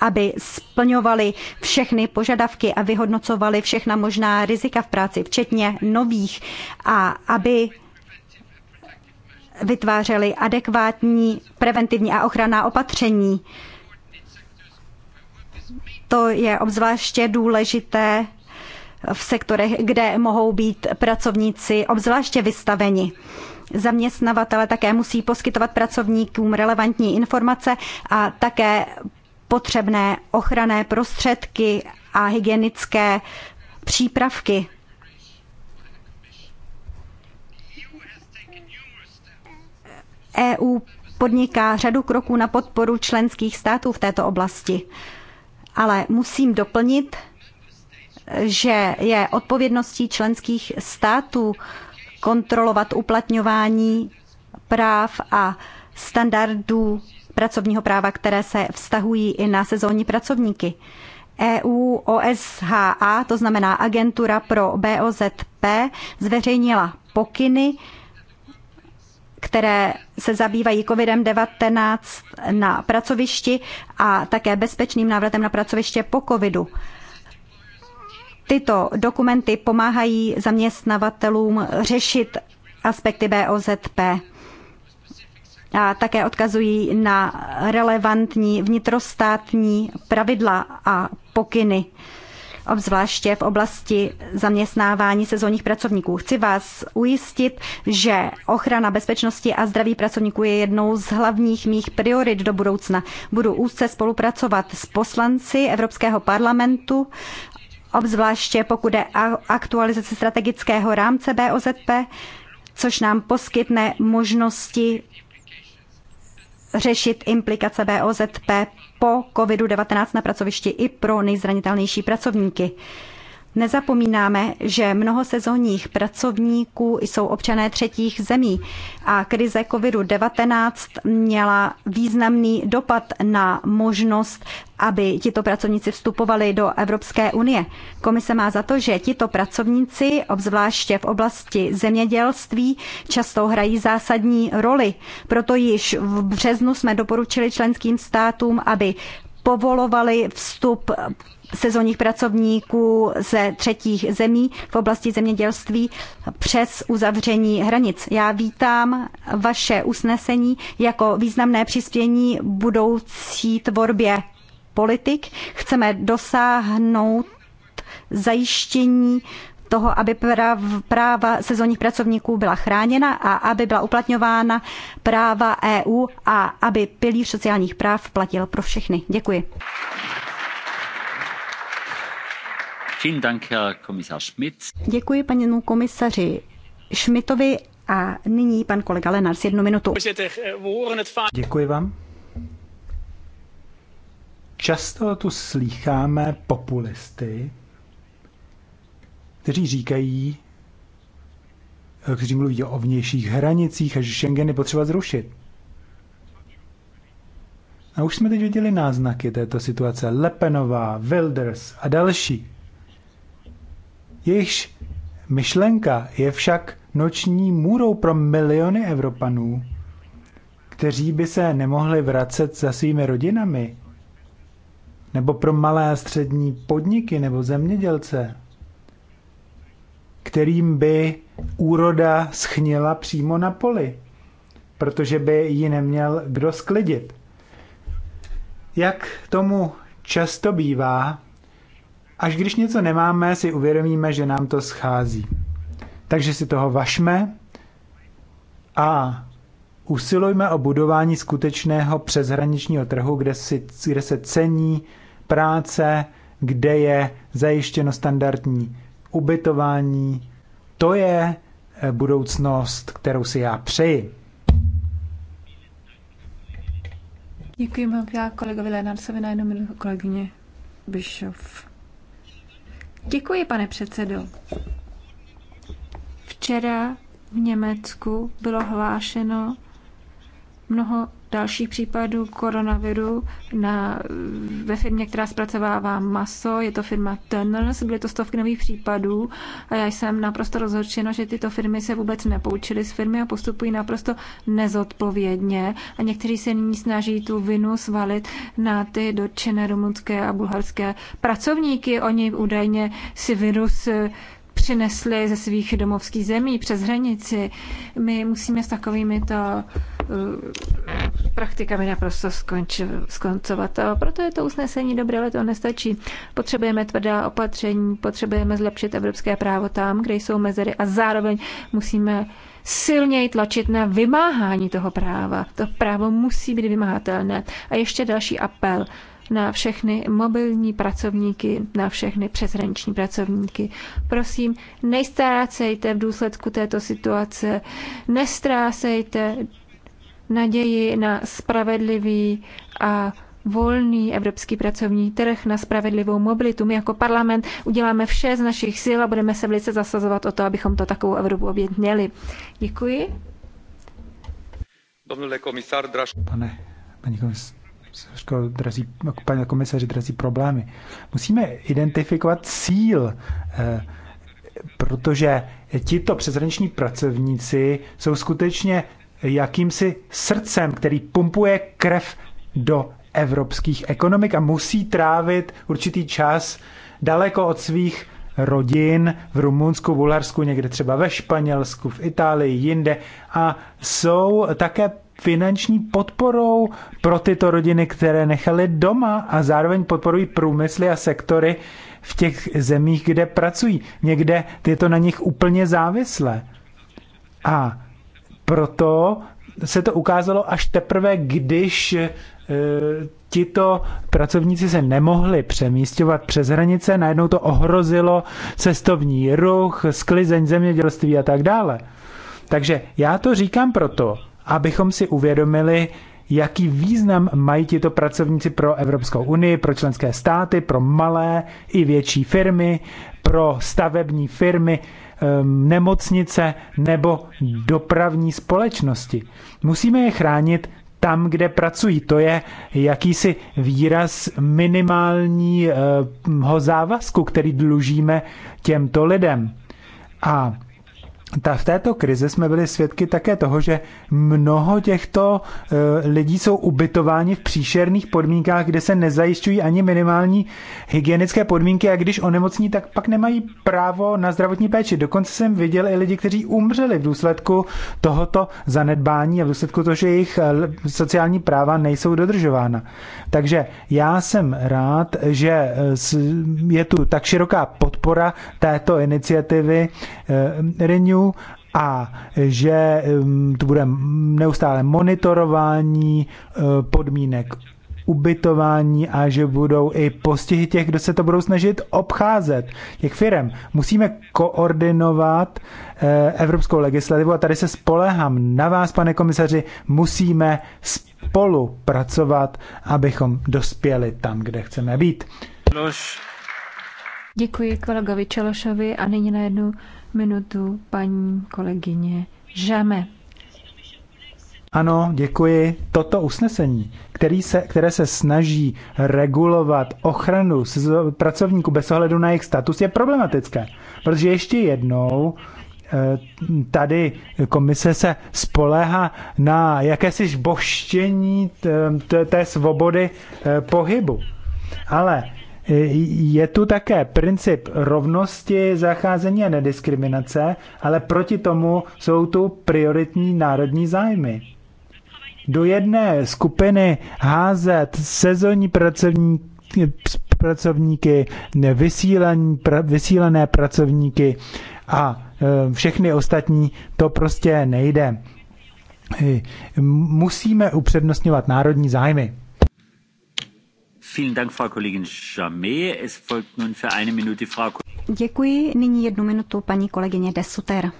aby splňovali všechny požadavky a vyhodnocovali všechna možná rizika v práci, včetně nových, a aby vytvářeli adekvátní preventivní a ochranná opatření. To je obzvláště důležité v sektorech, kde mohou být pracovníci obzvláště vystaveni. Zaměstnavatele také musí poskytovat pracovníkům relevantní informace a také potřebné ochranné prostředky a hygienické přípravky. EU podniká řadu kroků na podporu členských států v této oblasti. Ale musím doplnit, že je odpovědností členských států kontrolovat uplatňování práv a standardů pracovního práva, které se vztahují i na sezónní pracovníky. EU OSHA, to znamená agentura pro BOZP, zveřejnila pokyny, které se zabývají COVID-19 na pracovišti a také bezpečným návratem na pracoviště po covidu. Tyto dokumenty pomáhají zaměstnavatelům řešit aspekty BOZP a také odkazují na relevantní vnitrostátní pravidla a pokyny, obzvláště v oblasti zaměstnávání sezónních pracovníků. Chci vás ujistit, že ochrana bezpečnosti a zdraví pracovníků je jednou z hlavních mých priorit do budoucna. Budu úzce spolupracovat s poslanci Evropského parlamentu obzvláště pokud je aktualizace strategického rámce BOZP, což nám poskytne možnosti řešit implikace BOZP po COVID-19 na pracovišti i pro nejzranitelnější pracovníky. Nezapomínáme, že mnoho sezónních pracovníků jsou občané třetích zemí a krize COVID-19 měla významný dopad na možnost, aby tito pracovníci vstupovali do Evropské unie. Komise má za to, že tito pracovníci, obzvláště v oblasti zemědělství, často hrají zásadní roli. Proto již v březnu jsme doporučili členským státům, aby povolovali vstup sezónních pracovníků ze třetích zemí v oblasti zemědělství přes uzavření hranic. Já vítám vaše usnesení jako významné přispění budoucí tvorbě politik. Chceme dosáhnout zajištění toho, aby práva sezónních pracovníků byla chráněna a aby byla uplatňována práva EU a aby pilíř sociálních práv platil pro všechny. Děkuji. Děkuji panu komisaři Schmidtovi a nyní pan kolega Lenars, jednu minutu. Eh, Děkuji vám. Často tu slýcháme populisty, kteří říkají, kteří mluví o vnějších hranicích a že Schengen je potřeba zrušit. A už jsme teď viděli náznaky této situace. Lepenová, Wilders a další. Jejichž myšlenka je však noční můrou pro miliony Evropanů, kteří by se nemohli vracet za svými rodinami, nebo pro malé a střední podniky nebo zemědělce, kterým by úroda schnila přímo na poli, protože by ji neměl kdo sklidit. Jak tomu často bývá, Až když něco nemáme, si uvědomíme, že nám to schází. Takže si toho vašme a usilujme o budování skutečného přeshraničního trhu, kde, si, kde se cení práce, kde je zajištěno standardní ubytování. To je eh, budoucnost, kterou si já přeji. Děkuji vám, já kolegovi Lénarsovi na jednu minutu kolegyně Bischoff. Děkuji, pane předsedo. Včera v Německu bylo hlášeno mnoho dalších případů koronaviru na, ve firmě, která zpracovává maso, je to firma Tunnels, byly to stovky nových případů a já jsem naprosto rozhodčena, že tyto firmy se vůbec nepoučily z firmy a postupují naprosto nezodpovědně a někteří se nyní snaží tu vinu svalit na ty dotčené rumunské a bulharské pracovníky. Oni údajně si virus přinesli ze svých domovských zemí přes hranici. My musíme s takovými to eh, praktikami naprosto skonč, skoncovat. A proto je to usnesení dobré, ale to nestačí. Potřebujeme tvrdá opatření, potřebujeme zlepšit evropské právo tam, kde jsou mezery a zároveň musíme silněji tlačit na vymáhání toho práva. To právo musí být vymáhatelné. A ještě další apel na všechny mobilní pracovníky, na všechny přeshraniční pracovníky. Prosím, nejstrácejte v důsledku této situace, nestrácejte naději na spravedlivý a volný evropský pracovní trh na spravedlivou mobilitu. My jako parlament uděláme vše z našich sil a budeme se velice zasazovat o to, abychom to takovou Evropu obět měli. Děkuji. Pane, paní komisar, říkal, jako drazí, jako paní komisaři, drazí problémy. Musíme identifikovat cíl, eh, protože tito přezraniční pracovníci jsou skutečně jakýmsi srdcem, který pumpuje krev do evropských ekonomik a musí trávit určitý čas daleko od svých rodin v Rumunsku, Bulharsku, někde třeba ve Španělsku, v Itálii, jinde a jsou také finanční podporou pro tyto rodiny, které nechaly doma a zároveň podporují průmysly a sektory v těch zemích, kde pracují. Někde je to na nich úplně závislé. A proto se to ukázalo až teprve, když e, tito pracovníci se nemohli přemístěvat přes hranice, najednou to ohrozilo cestovní ruch, sklizeň zemědělství a tak dále. Takže já to říkám proto, abychom si uvědomili, jaký význam mají tito pracovníci pro Evropskou unii, pro členské státy, pro malé i větší firmy, pro stavební firmy, ehm, nemocnice nebo dopravní společnosti. Musíme je chránit tam, kde pracují. To je jakýsi výraz minimálního závazku, který dlužíme těmto lidem. A ta, v této krizi jsme byli svědky také toho, že mnoho těchto e, lidí jsou ubytováni v příšerných podmínkách, kde se nezajišťují ani minimální hygienické podmínky a když onemocní, tak pak nemají právo na zdravotní péči. Dokonce jsem viděl i lidi, kteří umřeli v důsledku tohoto zanedbání a v důsledku toho, že jejich eh, sociální práva nejsou dodržována. Takže já jsem rád, že eh, je tu tak široká podpora této iniciativy e, Renew a že tu bude neustále monitorování eh, podmínek ubytování a že budou i postihy těch, kdo se to budou snažit obcházet, těch firem. Musíme koordinovat eh, evropskou legislativu a tady se spolehám na vás, pane komisaři, musíme spolupracovat, abychom dospěli tam, kde chceme být. Děkuji kolegovi Čelošovi a nyní na jednu minutu paní kolegyně Žeme. Ano, děkuji. Toto usnesení, který se, které se snaží regulovat ochranu pracovníků bez ohledu na jejich status, je problematické. Protože ještě jednou eh, tady komise se spoléhá na jakési žboštění té svobody eh, pohybu. Ale je tu také princip rovnosti, zacházení a nediskriminace, ale proti tomu jsou tu prioritní národní zájmy. Do jedné skupiny házet sezónní pracovní, pracovníky, vysílené pracovníky a e, všechny ostatní, to prostě nejde. E, musíme upřednostňovat národní zájmy. Děkuji. Nyní jednu minutu paní kolegyně Desuter.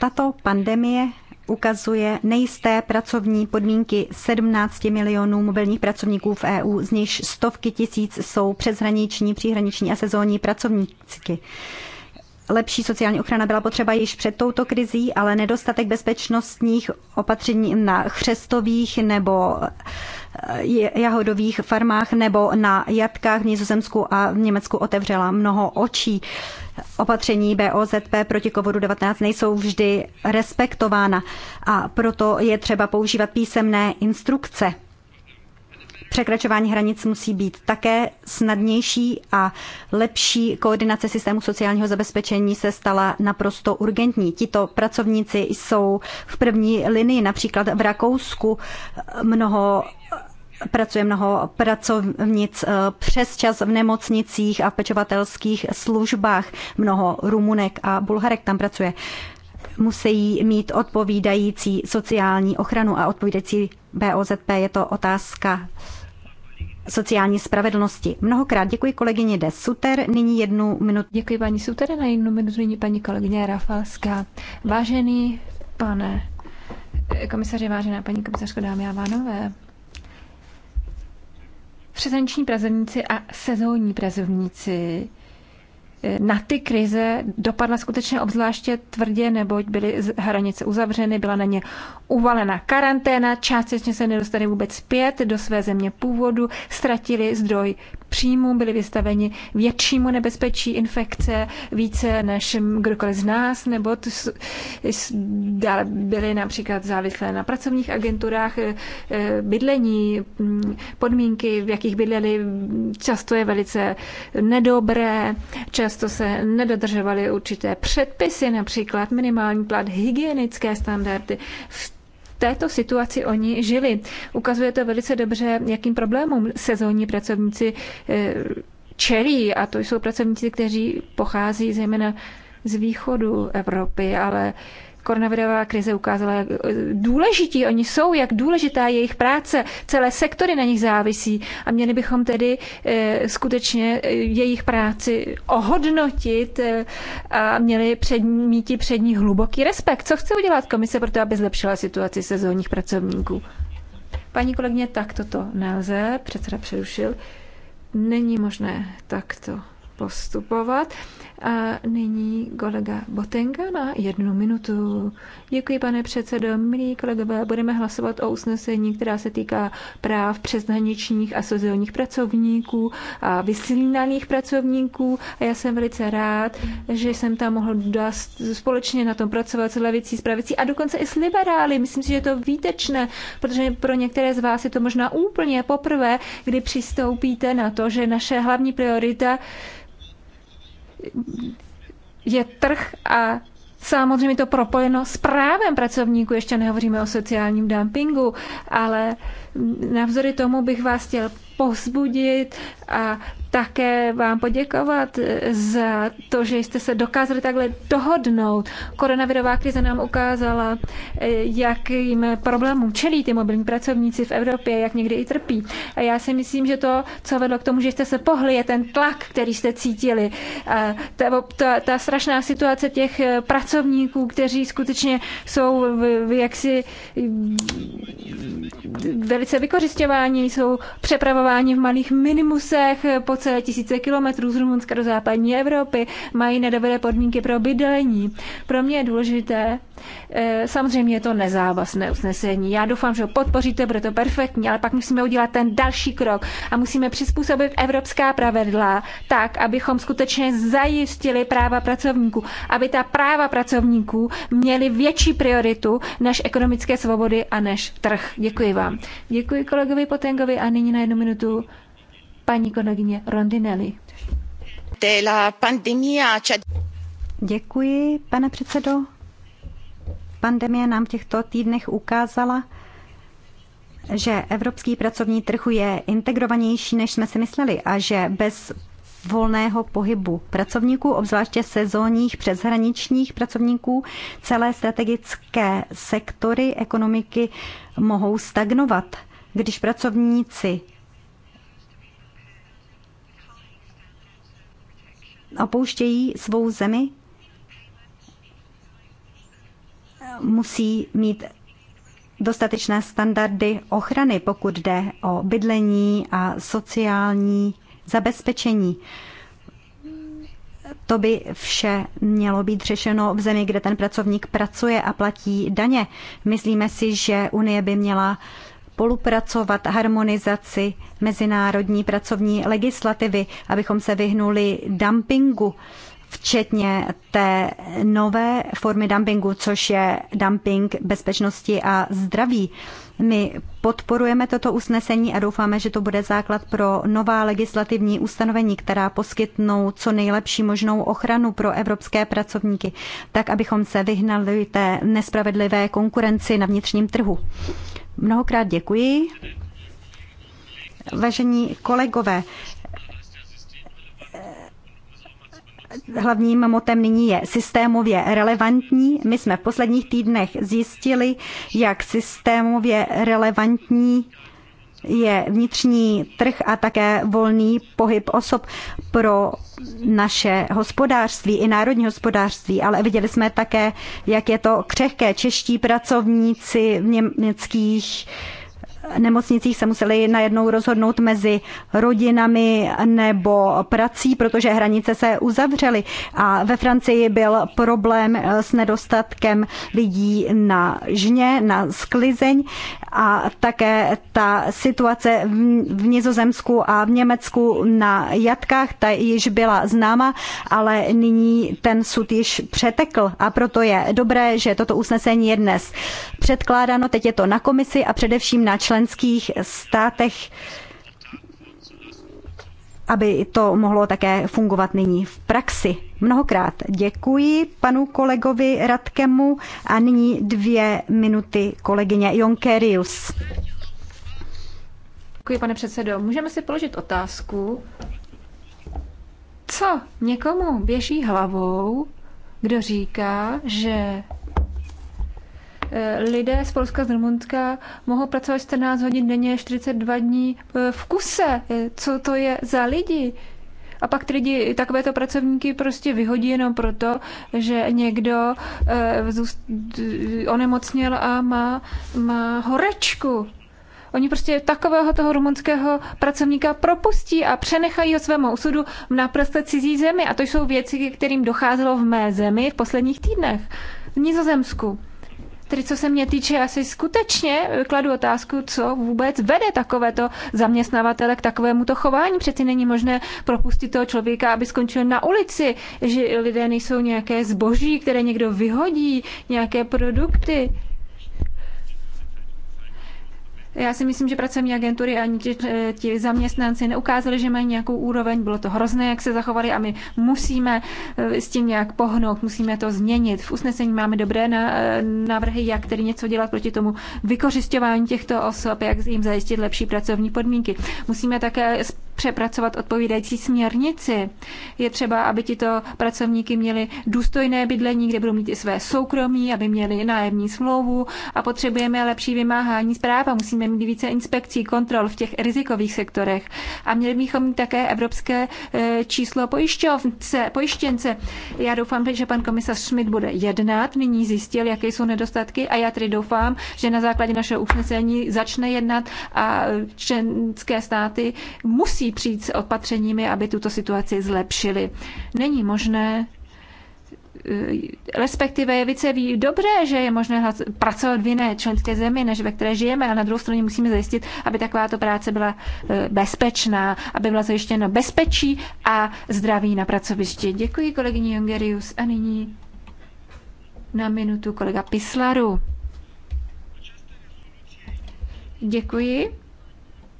Tato pandemie ukazuje nejisté pracovní podmínky 17 milionů mobilních pracovníků v EU, z nichž stovky tisíc jsou přeshraniční, příhraniční a sezónní pracovníci. Lepší sociální ochrana byla potřeba již před touto krizí, ale nedostatek bezpečnostních opatření na chřestových nebo eh, jahodových farmách nebo na jatkách v Nizozemsku a v Německu otevřela mnoho očí. Opatření BOZP proti COVID-19 nejsou vždy respektována a proto je třeba používat písemné instrukce překračování hranic musí být také snadnější a lepší koordinace systému sociálního zabezpečení se stala naprosto urgentní. Tito pracovníci jsou v první linii, například v Rakousku mnoho Pracuje mnoho pracovnic eh, přes čas v nemocnicích a v pečovatelských službách. Mnoho Rumunek a Bulharek tam pracuje musí mít odpovídající sociální ochranu a odpovídající BOZP. Je to otázka sociální spravedlnosti. Mnohokrát děkuji kolegyně De Suter. Nyní jednu minutu. Děkuji paní Suter na jednu minutu. Nyní paní kolegyně Rafalská. Vážený pane eh, komisaři, vážená paní komisařko, dámy a pánové. Přezranční pracovníci a sezónní pracovníci Eh, na ty krize dopadla skutečně obzvláště tvrdě, neboť byly hranice uzavřeny, byla na ně uvalena karanténa, částečně se nedostali vůbec zpět do své země původu, ztratili zdroj příjmům, byli vystaveni většímu nebezpečí infekce, více než kdokoliv z nás, nebo dále byli například závislé na pracovních agenturách, e, e, bydlení, podmínky, v jakých bydleli, často je velice nedobré, často se nedodržovaly určité předpisy, například minimální plat, hygienické standardy. V této situaci oni žili. Ukazuje to velice dobře, jakým problémům sezónní pracovníci eh, čelí, a to jsou pracovníci, kteří pochází zejména z východu Evropy, ale koronavirová krize ukázala, jak eh, důležití oni jsou, jak důležitá je jejich práce, celé sektory na nich závisí a měli bychom tedy eh, skutečně eh, jejich práci ohodnotit a měli před, mít před ní hluboký respekt. Co chce udělat komise pro to, aby zlepšila situaci sezónních pracovníků? Paní kolegyně, tak toto nelze, předseda přerušil. Není možné takto postupovat. A nyní kolega Botenga na jednu minutu. Děkuji, pane předsedo. Milí kolegové, budeme hlasovat o usnesení, která se týká práv přeshraničních a sociálních pracovníků a vysílaných pracovníků. A já jsem velice rád, že jsem tam mohl dát společně na tom pracovat s levicí, s pravicí a dokonce i s liberály. Myslím si, že je to výtečné, protože pro některé z vás je to možná úplně poprvé, kdy přistoupíte na to, že naše hlavní priorita je trh a samozřejmě to propojeno s právem pracovníků. Ještě nehovoříme o sociálním dumpingu, ale navzory tomu bych vás chtěl povzbudit a také vám poděkovat eh, za to, že jste se dokázali takhle dohodnout. Koronavirová krize nám ukázala, eh, jakým problémům čelí ty mobilní pracovníci v Evropě, jak někdy i trpí. A já si myslím, že to, co vedlo k tomu, že jste se pohli, je ten tlak, který jste cítili. A ta, ta, ta strašná situace těch eh, pracovníků, kteří skutečně jsou v, jaksi mm, velice vykořišťováni, jsou přepravováni v malých minimusech, po celé tisíce kilometrů z Rumunska do západní Evropy, mají nedobré podmínky pro bydlení. Pro mě je důležité, eh, samozřejmě je to nezávazné usnesení. Já doufám, že ho podpoříte, bude to perfektní, ale pak musíme udělat ten další krok a musíme přizpůsobit evropská pravidla tak, abychom skutečně zajistili práva pracovníků, aby ta práva pracovníků měly větší prioritu než ekonomické svobody a než trh. Děkuji vám. Děkuji kolegovi Potengovi a nyní na jednu minutu paní kolegyně Rondinelli. Děkuji, pane předsedo. Pandemie nám v těchto týdnech ukázala, že evropský pracovní trh je integrovanější, než jsme si mysleli a že bez volného pohybu pracovníků, obzvláště sezónních přeshraničních pracovníků, celé strategické sektory ekonomiky mohou stagnovat. Když pracovníci opouštějí svou zemi, musí mít dostatečné standardy ochrany, pokud jde o bydlení a sociální zabezpečení. To by vše mělo být řešeno v zemi, kde ten pracovník pracuje a platí daně. Myslíme si, že Unie by měla spolupracovat, harmonizaci mezinárodní pracovní legislativy, abychom se vyhnuli dumpingu, včetně té nové formy dumpingu, což je dumping bezpečnosti a zdraví. My podporujeme toto usnesení a doufáme, že to bude základ pro nová legislativní ustanovení, která poskytnou co nejlepší možnou ochranu pro evropské pracovníky, tak abychom se vyhnali té nespravedlivé konkurenci na vnitřním trhu. Mnohokrát děkuji. Vážení kolegové, Hlavním motem nyní je systémově relevantní. My jsme v posledních týdnech zjistili, jak systémově relevantní je vnitřní trh a také volný pohyb osob pro naše hospodářství i národní hospodářství, ale viděli jsme také, jak je to křehké. Čeští pracovníci v německých nemocnicích se museli najednou rozhodnout mezi rodinami nebo prací, protože hranice se uzavřely. A ve Francii byl problém eh, s nedostatkem lidí na žně, na sklizeň a také ta situace v Nizozemsku a v Německu na jatkách, ta již byla známa, ale nyní ten sud již přetekl a proto je dobré, že toto usnesení je dnes předkládáno, teď je to na komisi a především na člen členských státech, aby to mohlo také fungovat nyní v praxi. Mnohokrát děkuji panu kolegovi Radkemu a nyní dvě minuty kolegyně Jonkerius. Děkuji, pane předsedo. Můžeme si položit otázku, co někomu běží hlavou, kdo říká, že Eh, lidé z Polska, z Rumunska mohou pracovat 14 hodin denně, 42 dní eh, v kuse. Eh, co to je za lidi? A pak ty lidi, takovéto pracovníky prostě vyhodí jenom proto, že někdo onemocněl a má, má horečku. Oni prostě takového toho rumunského pracovníka propustí a přenechají ho svému usudu v naprosto cizí zemi. A to jsou věci, kterým docházelo v mé zemi v posledních týdnech. V Nizozemsku. Tedy co se mě týče, asi skutečně eh, kladu otázku, co vůbec vede takovéto zaměstnavatele k takovému to chování. Přeci není možné propustit toho člověka, aby skončil na ulici, že lidé nejsou nějaké zboží, které někdo vyhodí, nějaké produkty. Já si myslím, že pracovní agentury ani ti, eh, ti zaměstnanci neukázali, že mají nějakou úroveň. Bylo to hrozné, jak se zachovali a my musíme eh, s tím nějak pohnout, musíme to změnit. V usnesení máme dobré eh, návrhy, jak tedy něco dělat proti tomu vykořišťování těchto osob, jak jim zajistit lepší pracovní podmínky. Musíme také přepracovat odpovídající směrnici. Je třeba, aby tito pracovníky měli důstojné bydlení, kde budou mít i své soukromí, aby měli nájemní smlouvu a potřebujeme lepší vymáhání práva. Musíme měli mít více inspekcí, kontrol v těch rizikových sektorech a měli bychom mít také evropské eh, číslo pojišťovce, pojištěnce. Já doufám, že pan komisař Schmidt bude jednat, nyní zjistil, jaké jsou nedostatky a já tedy doufám, že na základě našeho usnesení začne jednat a členské státy musí přijít s opatřeními, aby tuto situaci zlepšili. Není možné, Eh, respektive je více ví dobře, že je možné pracovat v jiné členské zemi, než ve které žijeme, ale na druhou stranu musíme zajistit, aby takováto práce byla eh, bezpečná, aby byla zajištěna bezpečí a zdraví na pracovišti. Děkuji kolegyni Jongerius a nyní na minutu kolega Pislaru. Děkuji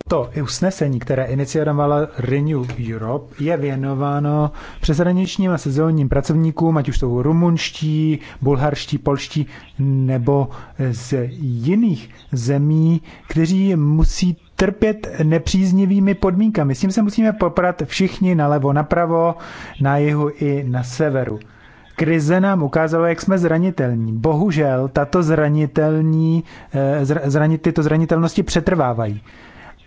to usnesení, které iniciovala Renew Europe, je věnováno přeshraničním a sezónním pracovníkům, ať už jsou rumunští, bulharští, polští nebo z jiných zemí, kteří musí trpět nepříznivými podmínkami. S tím se musíme poprat všichni nalevo, napravo, na jihu i na severu. Krize nám ukázala, jak jsme zranitelní. Bohužel tato zranitelní, eh, zra, zranit, tyto zranitelnosti přetrvávají.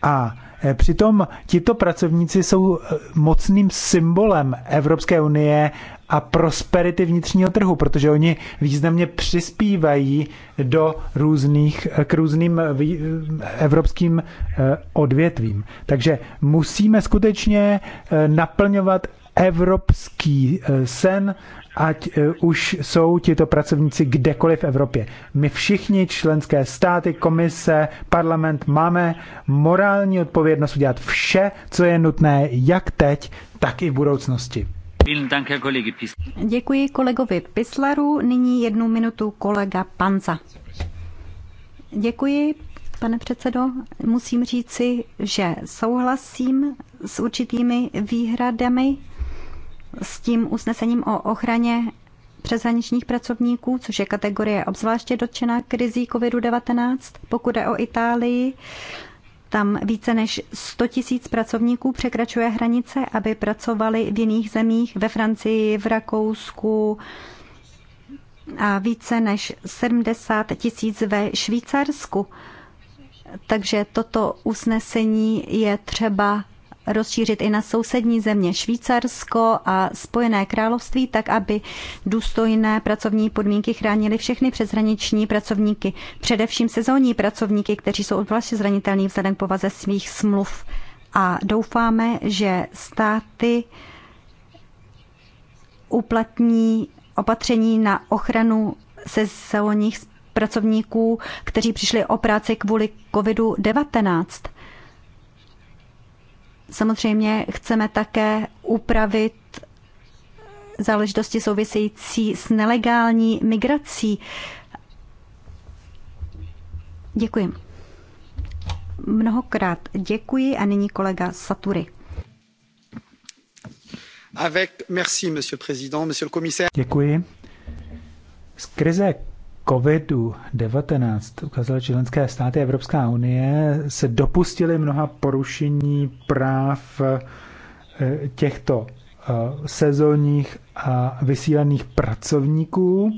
A e, přitom tito pracovníci jsou e, mocným symbolem Evropské unie a prosperity vnitřního trhu, protože oni významně přispívají do různých, e, k různým evropským odvětvím. Takže musíme skutečně naplňovat evropský sen ať eh, už jsou tito pracovníci kdekoliv v Evropě. My všichni, členské státy, komise, parlament, máme morální odpovědnost udělat vše, co je nutné, jak teď, tak i v budoucnosti. Děkuji kolegovi Pislaru. Nyní jednu minutu kolega Panza. Děkuji, pane předsedo. Musím říci, že souhlasím s určitými výhradami s tím usnesením o ochraně přeshraničních pracovníků, což je kategorie obzvláště dotčená krizí COVID-19. Pokud je o Itálii, tam více než 100 tisíc pracovníků překračuje hranice, aby pracovali v jiných zemích, ve Francii, v Rakousku a více než 70 tisíc ve Švýcarsku. Takže toto usnesení je třeba rozšířit i na sousední země Švýcarsko a Spojené království, tak aby důstojné pracovní podmínky chránily všechny přeshraniční pracovníky, především sezónní pracovníky, kteří jsou obzvláště zranitelní vzhledem k povaze svých smluv. A doufáme, že státy uplatní opatření na ochranu sezónních pracovníků, kteří přišli o práci kvůli COVID-19 Samozřejmě chceme také upravit záležitosti související s nelegální migrací. Děkuji. Mnohokrát děkuji a nyní kolega Satury. Avec, merci, monsieur le président, monsieur le commissaire. Děkuji. Z krize COVID-19 ukázaly členské státy Evropská unie se dopustily mnoha porušení práv eh, těchto eh, sezónních a vysílaných pracovníků,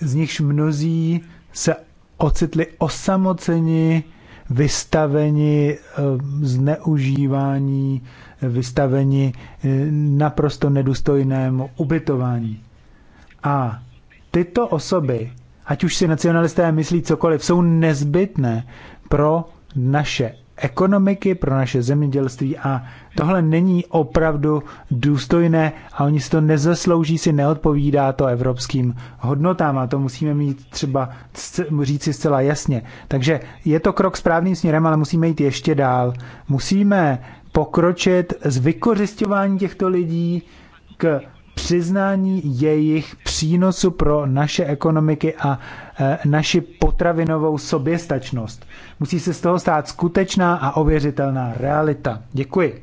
z nichž mnozí se ocitli osamoceni, vystaveni eh, zneužívání, vystaveni naprosto nedůstojnému ubytování. A tyto osoby, ať už si nacionalisté myslí cokoliv, jsou nezbytné pro naše ekonomiky, pro naše zemědělství a tohle není opravdu důstojné a oni si to nezaslouží, si neodpovídá to evropským hodnotám a to musíme mít třeba říci zcela jasně. Takže je to krok správným směrem, ale musíme jít ještě dál. Musíme pokročit z vykořišťování těchto lidí k přiznání jejich přínosu pro naše ekonomiky a e, naši potravinovou soběstačnost. Musí se z toho stát skutečná a ověřitelná realita. Děkuji.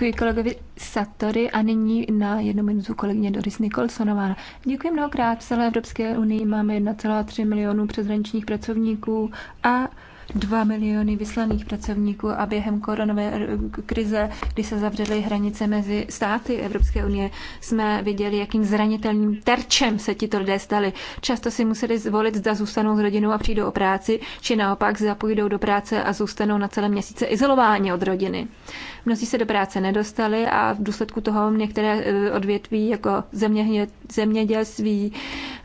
Děkuji kolegovi Satori a nyní na jednu minutu kolegyně Doris Nikolsonová. Děkuji mnohokrát. V celé Evropské unii máme 1,3 milionů přeshraničních pracovníků a 2 miliony vyslaných pracovníků a během koronové krize, kdy se zavřely hranice mezi státy Evropské unie, jsme viděli, jakým zranitelným terčem se tito lidé stali. Často si museli zvolit, zda zůstanou s rodinou a přijdou o práci, či naopak zapůjdou do práce a zůstanou na celé měsíce izolováni od rodiny. Mnozí se do práce nedostali a v důsledku toho některé e, odvětví jako země, zemědělství,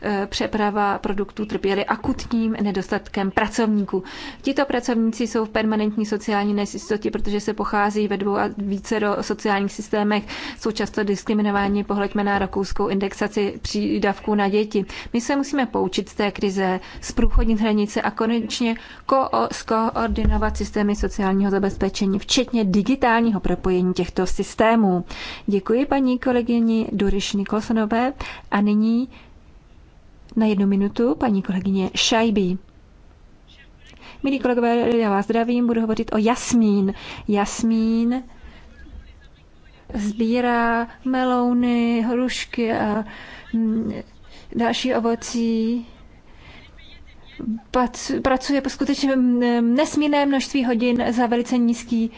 e, přeprava produktů trpěly akutním nedostatkem pracovníků. Ti Tito pracovníci jsou v permanentní sociální nejistotě, protože se pochází ve dvou a více do sociálních systémech, jsou často diskriminováni, pohleďme na rakouskou indexaci přídavků na děti. My se musíme poučit z té krize, zprůchodnit hranice a konečně ko- skoordinovat systémy sociálního zabezpečení, včetně digitálního propojení těchto systémů. Děkuji paní kolegyni Duriš Nikolsonové a nyní na jednu minutu paní kolegyně Šajbí. Milí kolegové, já vás zdravím, budu hovořit o jasmín. Jasmín sbírá melouny, hrušky a mm, další ovocí pracuje skutečně nesmírné množství hodin za velice nízký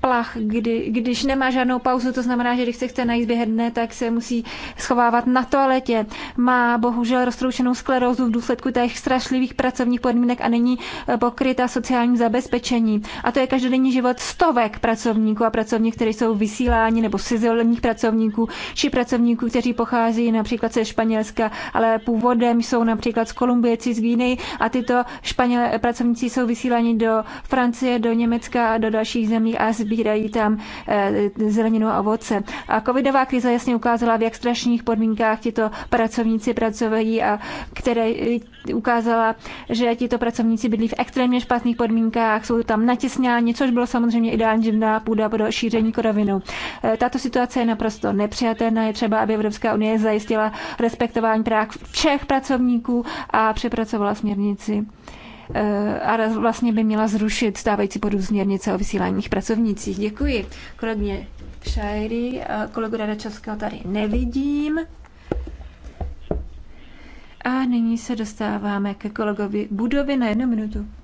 plach, kdy, když nemá žádnou pauzu, to znamená, že když se chce najít během dne, tak se musí schovávat na toaletě. Má bohužel roztroušenou sklerózu v důsledku těch strašlivých pracovních podmínek a není e, pokryta sociálním zabezpečení. A to je každodenní život stovek pracovníků a pracovníků, kteří jsou vysíláni nebo sezónních pracovníků, či pracovníků, kteří pochází například ze Španělska, ale původem jsou například z Kolumbie, z Gíny, a tyto španělé pracovníci jsou vysíláni do Francie, do Německa a do dalších zemí a sbírají tam eh, zeleninu a ovoce. A covidová krize jasně ukázala, v jak strašných podmínkách tyto pracovníci pracují a které eh, ukázala, že tito pracovníci bydlí v extrémně špatných podmínkách, jsou tam natěsňáni, což bylo samozřejmě ideální živná půda pro šíření korovinu. Eh, tato situace je naprosto nepřijatelná, je třeba, aby Evropská unie zajistila respektování práv všech pracovníků a přepracovala směr směrnici eh, a vlastně by měla zrušit stávající podu směrnice o vysíláních pracovnících. Děkuji. Kolegně Šajry a kolegu českého tady nevidím. A nyní se dostáváme ke kolegovi Budovi na jednu minutu.